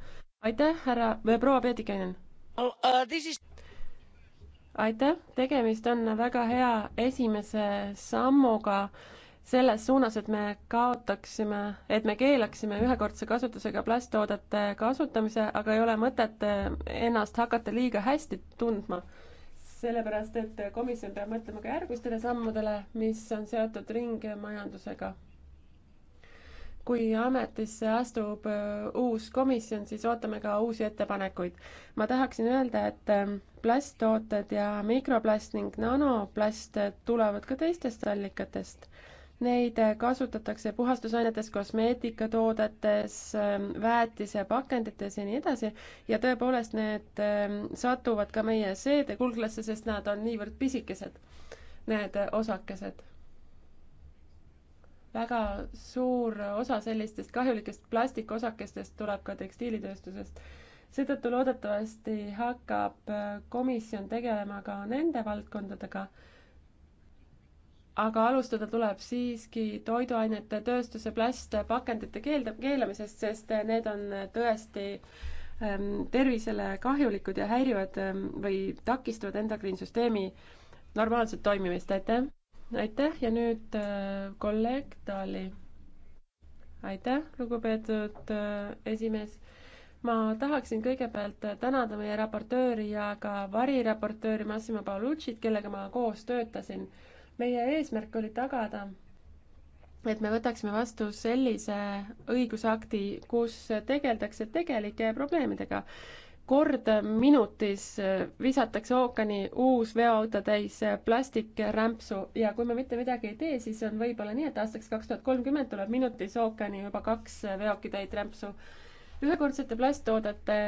aitäh, härra, proua Peetikainen. Oh, uh, aitäh, tegemist on väga hea esimese sammuga selles suunas, et me kaotaksime, et me keelaksime ühekordse kasutusega plasttoodete kasutamise, aga ei ole mõtet ennast hakata liiga hästi tundma. sellepärast, et komisjon peab mõtlema ka järgmistele sammudele, mis on seotud ringmajandusega. kui ametisse astub äh, uus komisjon, siis ootame ka uusi ettepanekuid. ma tahaksin öelda, et äh, plasttooted ja mikroplast ning nanoplast tulevad ka teistest allikatest Neid äh, kasutatakse puhastusainetes, kosmeetikatoodetes, ähm, väetisepakendites ja nii edasi ja tõepoolest need ähm, satuvad ka meie seedekulglasse, sest nad on niivõrd pisikesed, need äh, osakesed. väga suur osa sellistest kahjulikest plastikosakestest tuleb ka tekstiilitööstusest seetõttu loodetavasti hakkab äh, komisjon tegelema ka nende valdkondadega aga alustada tuleb siiski toiduainete tööstuse plastpakendite keeld-, keelamisest, sest need on tõesti ähm, tervisele kahjulikud ja häirivad ähm, või takistavad endokriinsüsteemi normaalset toimimist, aitäh! aitäh ja nüüd äh, kolleeg Taali. aitäh, lugupeetud äh, esimees! ma tahaksin kõigepealt tänada meie raportööri ja ka variraportööri Massimo Paolucci't, kellega ma koos töötasin äh, meie eesmärk oli tagada, et me võtaksime vastu sellise õigusakti, kus tegeldakse tegelike probleemidega. kord minutis visatakse ookeani uus veoauto täis plastikrämpsu ja kui me mitte midagi ei tee, siis on võib-olla nii, et aastaks kaks tuhat kolmkümmend tuleb minutis ookeani juba kaks veokitäit rämpsu. ühekordsete plasttoodete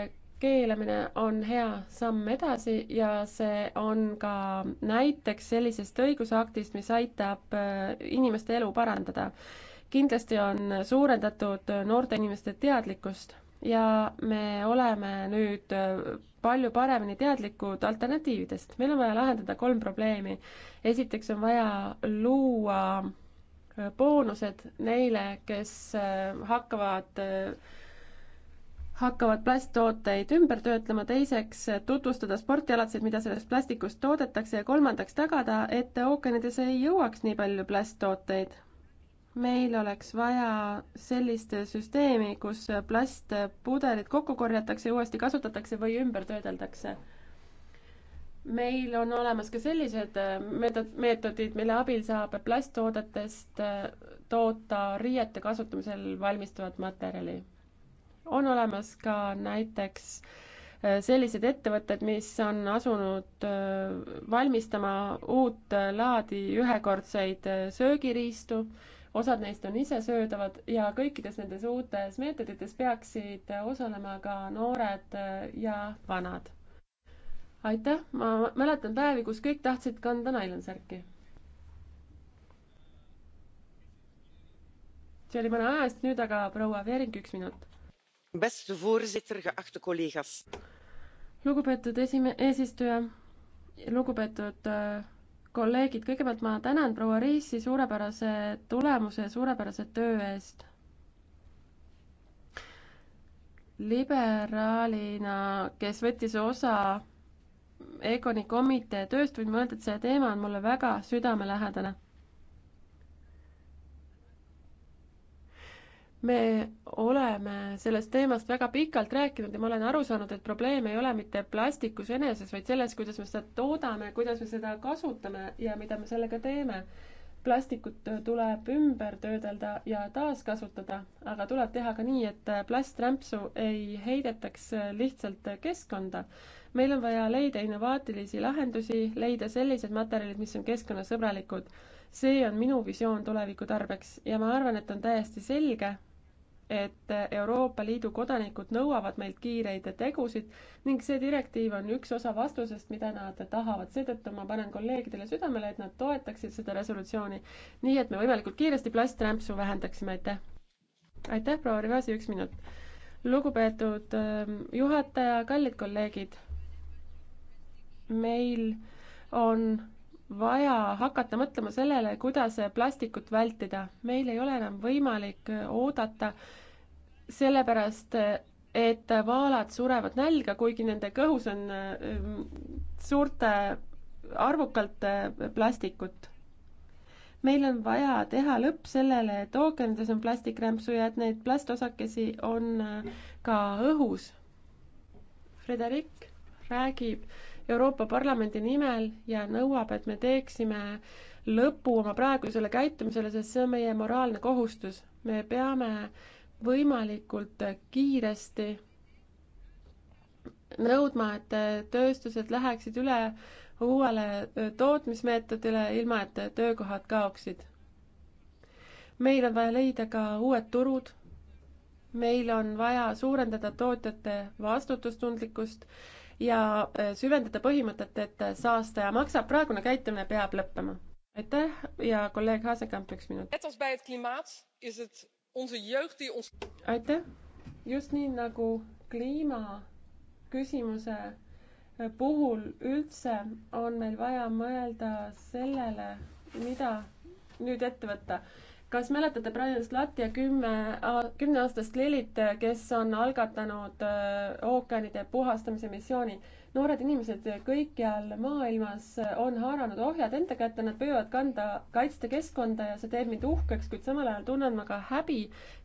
keelamine on hea samm edasi ja see on ka näiteks sellisest õigusaktist, mis aitab äh, inimeste elu parandada. kindlasti on suurendatud noorte inimeste teadlikkust ja me oleme nüüd äh, palju paremini teadlikud alternatiividest. meil on vaja lahendada kolm probleemi. esiteks on vaja luua äh, boonused neile, kes hakkavad hakkavad plasttooteid ümber töötlema, teiseks tutvustada spordialatseid, mida sellest plastikust toodetakse ja kolmandaks tagada, et ookeanides ei jõuaks nii palju plasttooteid. meil oleks vaja sellist süsteemi, kus plastpudelid kokku korjatakse ja uuesti kasutatakse või ümber töödeldakse meil on olemas ka sellised meetod, meetodid, mille abil saab plasttoodetest toota riiete kasutamisel valmistuvat materjali on olemas ka näiteks äh, sellised ettevõtted, mis on asunud äh, valmistama uut laadi ühekordseid äh, söögiriistu, osad neist on isesöödavad ja kõikides nendes uutes meetodites peaksid osalema ka noored ja vanad. aitäh, ma mäletan päevi, kus kõik tahtsid kanda nailonsärki. see oli mõne aja eest, nüüd aga proua Veering, üks minut voorzitter geachte collega's lugupeetud esime- eesistuja lugupeetud äh, kolleegid kõigepealt ma tänan proua riisi suurepärase tulemuse ja suurepärase töö eest liberaalina kes võttis osa ECONi komitee tööst võin ma öelda et see teema on mulle väga südamelähedane me oleme sellest teemast väga pikalt rääkinud ja ma olen aru saanud, et probleem ei ole mitte plastikus eneses, vaid selles, kuidas me seda toodame, kuidas me seda kasutame ja mida me sellega teeme. plastikut tuleb ümber töödelda ja taaskasutada, aga tuleb teha ka nii, et plasträmpsu ei heidetaks lihtsalt keskkonda. meil on vaja leida innovaatilisi lahendusi, leida sellised materjalid, mis on keskkonnasõbralikud see on minu visioon tuleviku tarbeks ja ma arvan, et on täiesti selge, et Euroopa Liidu kodanikud nõuavad meilt kiireid tegusid ning see direktiiv on üks osa vastusest, mida nad tahavad. seetõttu ma panen kolleegidele südamele, et nad toetaksid seda resolutsiooni, nii et me võimalikult kiiresti plasträmpsu vähendaksime, aitäh! aitäh, proua Rivasi, üks minut! lugupeetud ähm, juhataja, kallid kolleegid, meil on vaja hakata mõtlema sellele, kuidas plastikut vältida. meil ei ole enam võimalik oodata, sellepärast et vaalad surevad nälga, kuigi nende kõhus on ähm, suurte, arvukalt äh, plastikut. meil on vaja teha lõpp sellele, et ookeanides on plastikkrämpsu ja et neid plastosakesi on äh, ka õhus. Frederik räägib Euroopa Parlamendi nimel ja nõuab, et me teeksime lõpu oma praegusele käitumisele, sest see on meie moraalne kohustus. me peame võimalikult kiiresti nõudma, et tööstused läheksid üle uuele tootmismeetodile, ilma et töökohad kaoksid. meil on vaja leida ka uued turud, meil on vaja suurendada tootjate vastutustundlikkust ja äh, süvendada põhimõtet, et äh, saastaja maksab, praegune käitumine peab lõppema. aitäh ja kolleeg Haasekamp, üks minut. aitäh, just nii nagu kliimaküsimuse äh, puhul üldse on meil vaja mõelda sellele, mida nüüd ette võtta kas mäletate Brian Slati ja kümme, kümneaastast Lilit, kes on algatanud äh, ookeanide puhastamise missiooni? noored inimesed kõikjal maailmas äh, on haaranud ohjad enda kätte, nad püüavad kanda, kaitsta keskkonda ja see teeb mind uhkeks, kuid samal ajal tunnen ma ka häbi,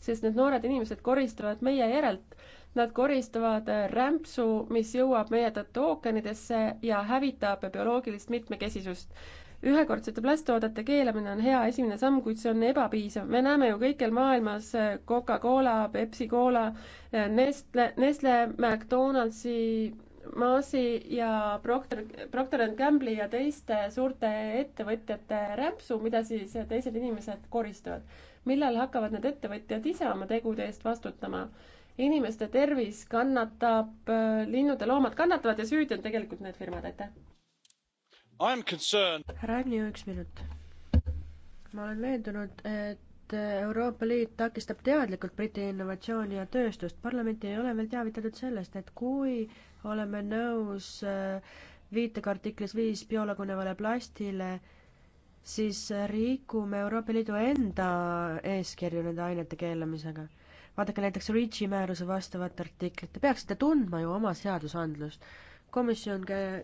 sest need noored inimesed koristavad meie järelt. Nad koristavad äh, rämpsu, mis jõuab meie tõttu ookeanidesse ja hävitab bioloogilist mitmekesisust ühekordsete plasttoodete keelamine on hea esimene samm, kuid see on ebapiisav. me näeme ju kõikjal maailmas eh, Coca-Cola, Pepsi-Cola, eh, Nestle, Nestle, McDonaldsi, Maasi ja Procter, Procter and Gamble'i ja teiste suurte ettevõtjate rämpsu, mida siis teised inimesed koristavad. millal hakkavad need ettevõtjad ise oma tegude eest vastutama? inimeste tervis kannatab, eh, linnud ja loomad kannatavad ja süüdi on tegelikult need firmad, aitäh! härra Agnew, üks minut. ma olen veendunud, et Euroopa Liit takistab teadlikult Briti innovatsiooni ja tööstust. parlamenti ei ole veel teavitatud sellest, et kui oleme nõus äh, viitega artiklis viis biolagunevale plastile, siis rikume Euroopa Liidu enda eeskirju nende ainete keelamisega vaadake näiteks REACH-i määruse vastavat artiklit, te peaksite tundma ju oma seadusandlust. komisjon käi-,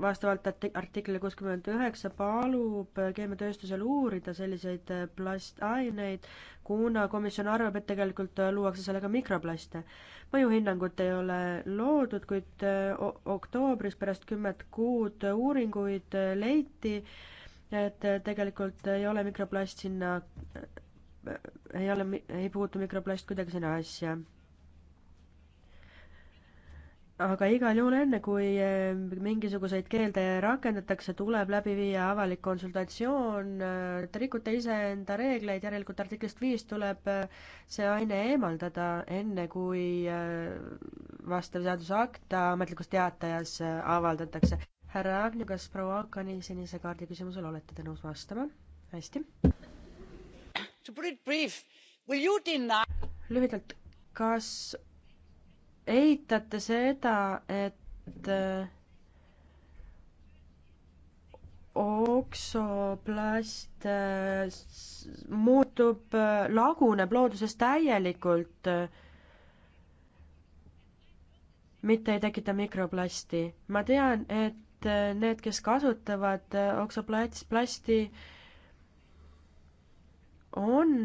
vastavalt artiklile kuuskümmend üheksa palub keemiatööstusel uurida selliseid äh, plastaineid, kuna komisjon arvab, et tegelikult äh, luuakse sellega mikroplaste. mõjuhinnangut ei ole loodud, kuid äh, oktoobris pärast kümmet kuud uuringuid leiti, et tegelikult ei ole mikroplast sinna, ei ole, ei puutu mikroplast kuidagi sinna asja aga igal juhul enne, kui eh, mingisuguseid keelde rakendatakse, tuleb läbi viia avalik konsultatsioon, eh, te rikute iseenda reegleid, järelikult artiklist viis tuleb eh, see aine eemaldada, enne kui vastav seadusakt ametlikus teatajas avaldatakse. härra Agnew, kas proua Akani sinise kaardi küsimusele olete te nõus vastama? hästi. lühidalt, kas eitate seda, et äh, oksoplast äh, muutub, äh, laguneb looduses täielikult, mitte ei tekita mikroplasti. ma tean, et need, kes kasutavad oksoplasti, on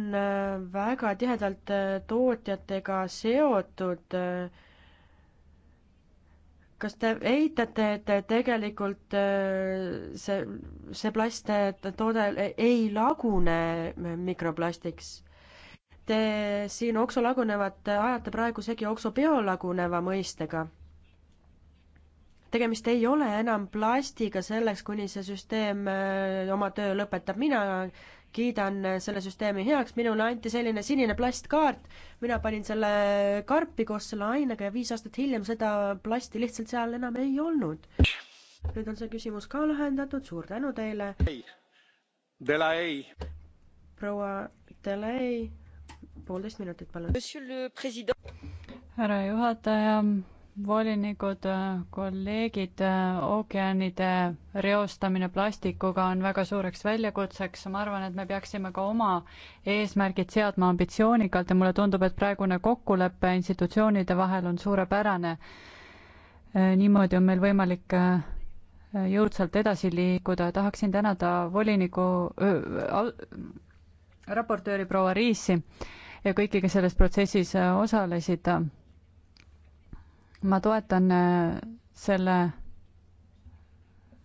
väga tihedalt tootjatega seotud äh, kas te eitate, et tegelikult äh, see, see plasttoode äh, ei lagune mikroplastiks? Te siin oksolagunevat äh, ajate praegu segi oksobiolaguneva mõistega. tegemist ei ole enam plastiga selleks, kuni see süsteem oma töö lõpetab. mina kiidan selle süsteemi heaks, minule anti selline sinine plastkaart, mina panin selle karpi koos selle ainega ja viis aastat hiljem seda plasti lihtsalt seal enam ei olnud. nüüd on see küsimus ka lahendatud, suur tänu teile. proua Delay, poolteist minutit, palun. härra juhataja volinikud, kolleegid, ookeanide reostamine plastikuga on väga suureks väljakutseks, ma arvan, et me peaksime ka oma eesmärgid seadma ambitsioonikalt ja mulle tundub, et praegune kokkulepe institutsioonide vahel on suurepärane. niimoodi on meil võimalik äh, jõudsalt edasi liikuda, tahaksin tänada voliniku äh,, raportööri proua Riisi ja kõiki, kes selles protsessis äh, osalesid ma toetan äh, selle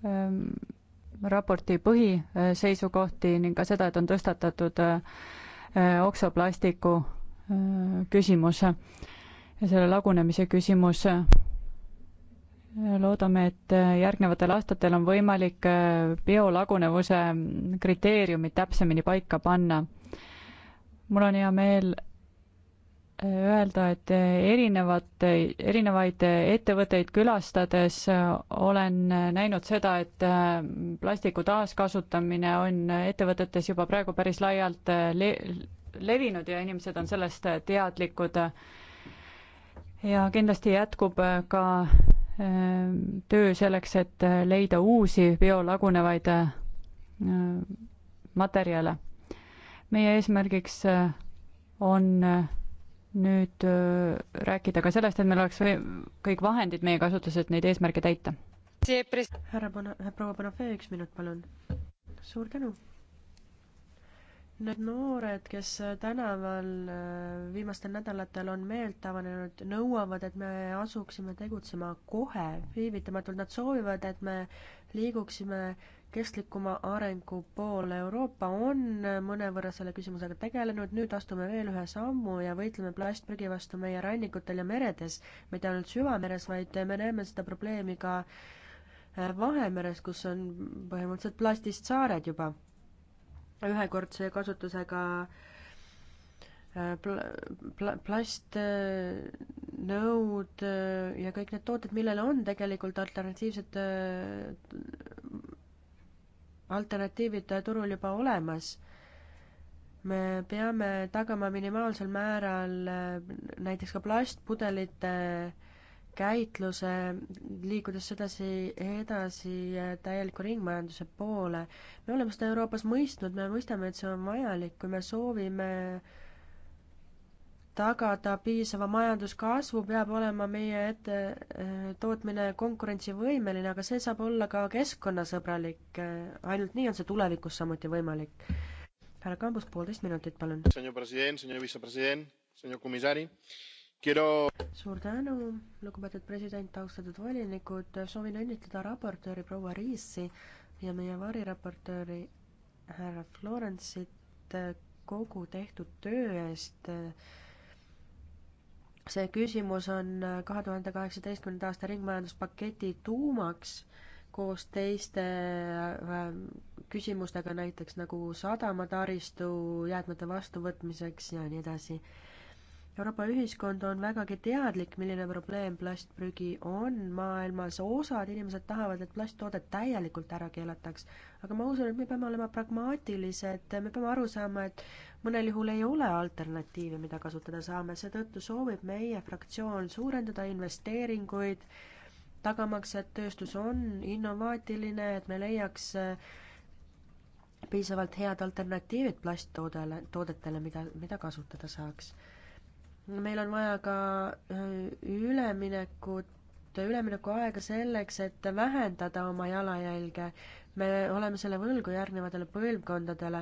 ähm, raporti põhiseisukohti ning ka seda, et on tõstatatud äh, äh, oksoplastiku küsimus ja selle lagunemise küsimus. loodame, et järgnevatel aastatel on võimalik biolagunevuse kriteeriumid täpsemini paika panna. mul on hea meel öelda, et erinevat, erinevaid ettevõtteid külastades olen näinud seda, et äh, plastiku taaskasutamine on ettevõtetes juba praegu päris laialt le levinud ja inimesed on sellest teadlikud. ja kindlasti jätkub ka äh, töö selleks, et leida uusi biolagunevaid äh, materjale. meie eesmärgiks on nüüd rääkida ka sellest, et meil oleks kõik vahendid meie kasutuses, et neid eesmärke täita. härra Bona-, proua Bonafé, üks minut, palun. suur tänu. Need noored, kes tänaval viimastel nädalatel on meelt avanenud, nõuavad, et me asuksime tegutsema kohe, viivitamatult, nad soovivad, et me liiguksime kestlikuma arengu poole. Euroopa on mõnevõrra selle küsimusega tegelenud, nüüd astume veel ühe sammu ja võitleme plastprügi vastu meie rannikutel ja meredes, mitte ainult süvameres, vaid me näeme seda probleemi ka äh, Vahemeres, kus on põhimõtteliselt plastist saared juba ühekordse kasutusega äh, pla-, pla-, plastnõud äh, ja kõik need tooted, millele on tegelikult alternatiivsed alternatiivid turul juba olemas. me peame tagama minimaalsel määral äh, näiteks ka plastpudelite käitluse, liikudes sedasi edasi äh, täieliku ringmajanduse poole. me oleme seda Euroopas mõistnud, me mõistame, et see on vajalik, kui me soovime tagada piisava majanduskasvu, peab olema meie ette äh, tootmine konkurentsivõimeline, aga see saab olla ka keskkonnasõbralik. Äh, ainult nii on see tulevikus samuti võimalik. härra Kambus, poolteist minutit, palun. Quiero... suur tänu, lugupeetud president, austatud volinikud, soovin õnnitleda raportööri proua Riisi ja meie variraportööri härra Florence'it kogu tehtud töö eest äh, see küsimus on äh, kahe tuhande kaheksateistkümnenda aasta ringmajanduspaketi tuumaks koos teiste äh, äh, küsimustega, näiteks nagu sadamataristu jäätmete vastuvõtmiseks ja nii edasi Euroopa ühiskond on vägagi teadlik, milline probleem plastprügi on maailmas, osad inimesed tahavad, et plasttoodet täielikult ära keelataks. aga ma usun, et me peame olema pragmaatilised, me peame aru saama, et mõnel juhul ei ole alternatiive, mida kasutada saame, seetõttu soovib meie fraktsioon suurendada investeeringuid, tagamaks, et tööstus on innovaatiline, et me leiaks äh, piisavalt head alternatiivid plasttoodele, toodetele, mida, mida kasutada saaks meil on vaja ka äh, üleminekut, üleminekuaega selleks, et vähendada oma jalajälge. me oleme selle võlgu järgnevatele põlvkondadele.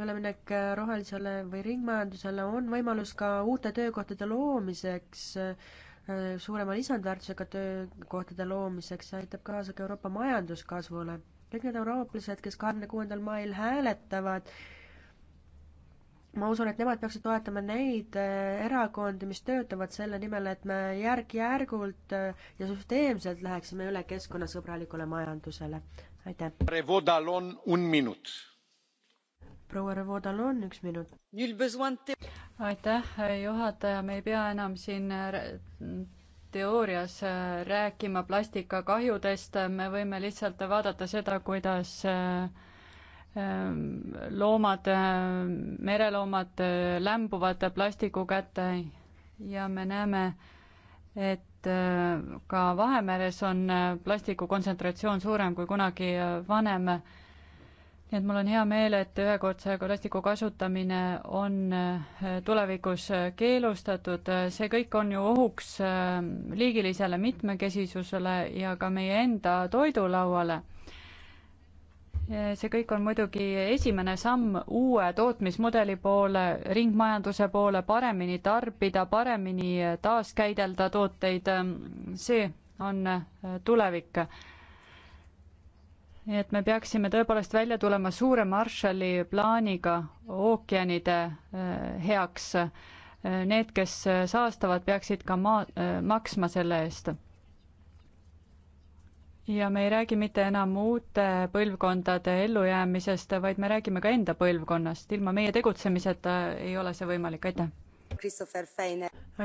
üleminek rohelisele või ringmajandusele on võimalus ka uute töökohtade loomiseks, äh, suurema lisandväärtusega töökohtade loomiseks, see aitab kaasa ka Euroopa majanduskasvule. kõik need eurooplased, kes kahekümne kuuendal mail hääletavad, ma usun, et nemad peaksid toetama neid äh, erakondi, mis töötavad selle nimel, et me järk-järgult äh, ja süsteemselt läheksime üle keskkonnasõbralikule majandusele. aitäh. proua Revodalon, üks minut. aitäh, juhataja, me ei pea enam siin äh, teoorias rääkima plastikakahjudest, me võime lihtsalt vaadata seda, kuidas äh, Ehm, loomad, ehm, mereloomad ehm, lämbuvad plastiku kätte ja me näeme, et ka Vahemeres on plastiku kontsentratsioon suurem kui kunagi vanem. nii et mul on hea meel, et ühekordse plastiku kasutamine on tulevikus keelustatud, see kõik on ju ohuks liigilisele mitmekesisusele ja ka meie enda toidulauale see kõik on muidugi esimene samm uue tootmismudeli poole, ringmajanduse poole, paremini tarbida, paremini taaskäidelda tooteid, see on tulevik. nii et me peaksime tõepoolest välja tulema suure Marshalli plaaniga ookeanide eh, heaks. Need, kes saastavad, peaksid ka maa, eh, maksma selle eest ja me ei räägi mitte enam uute põlvkondade ellujäämisest, vaid me räägime ka enda põlvkonnast, ilma meie tegutsemiseta ei ole see võimalik, aitäh.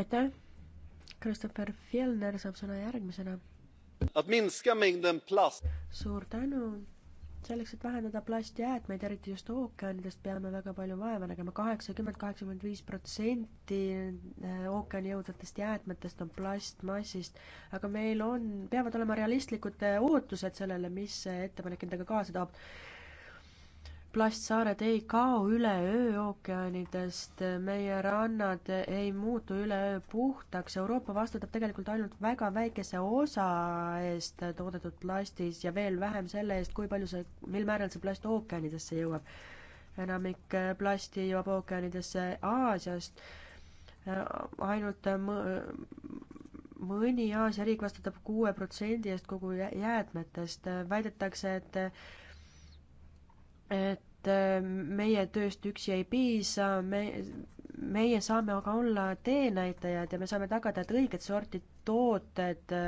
aitäh. Christopher Fjellner saab sõna järgmisena. suur tänu selleks, et vähendada plastjäätmeid, eriti just ookeanidest, peame väga palju vaeva nägema, kaheksakümmend, kaheksakümmend viis protsenti äh, ookeani jõudvatest jäätmetest on plastmassist. aga meil on, peavad olema realistlikud äh, ootused sellele, mis see ettepanek endaga kaasa toob plastsaared ei kao üleöö ookeanidest, meie rannad ei muutu üleöö puhtaks, Euroopa vastutab tegelikult ainult väga väikese osa eest toodetud plastist ja veel vähem selle eest, kui palju see, mil määral see plast ookeanidesse jõuab. enamik plasti jõuab ookeanidesse Aasiast, ainult mõni Aasia riik vastutab kuue protsendi eest kogu jäätmetest, väidetakse, et et äh, meie tööst üksi ei piisa, me, meie saame aga olla teenäitajad ja me saame tagada, et õiget sorti tooted äh,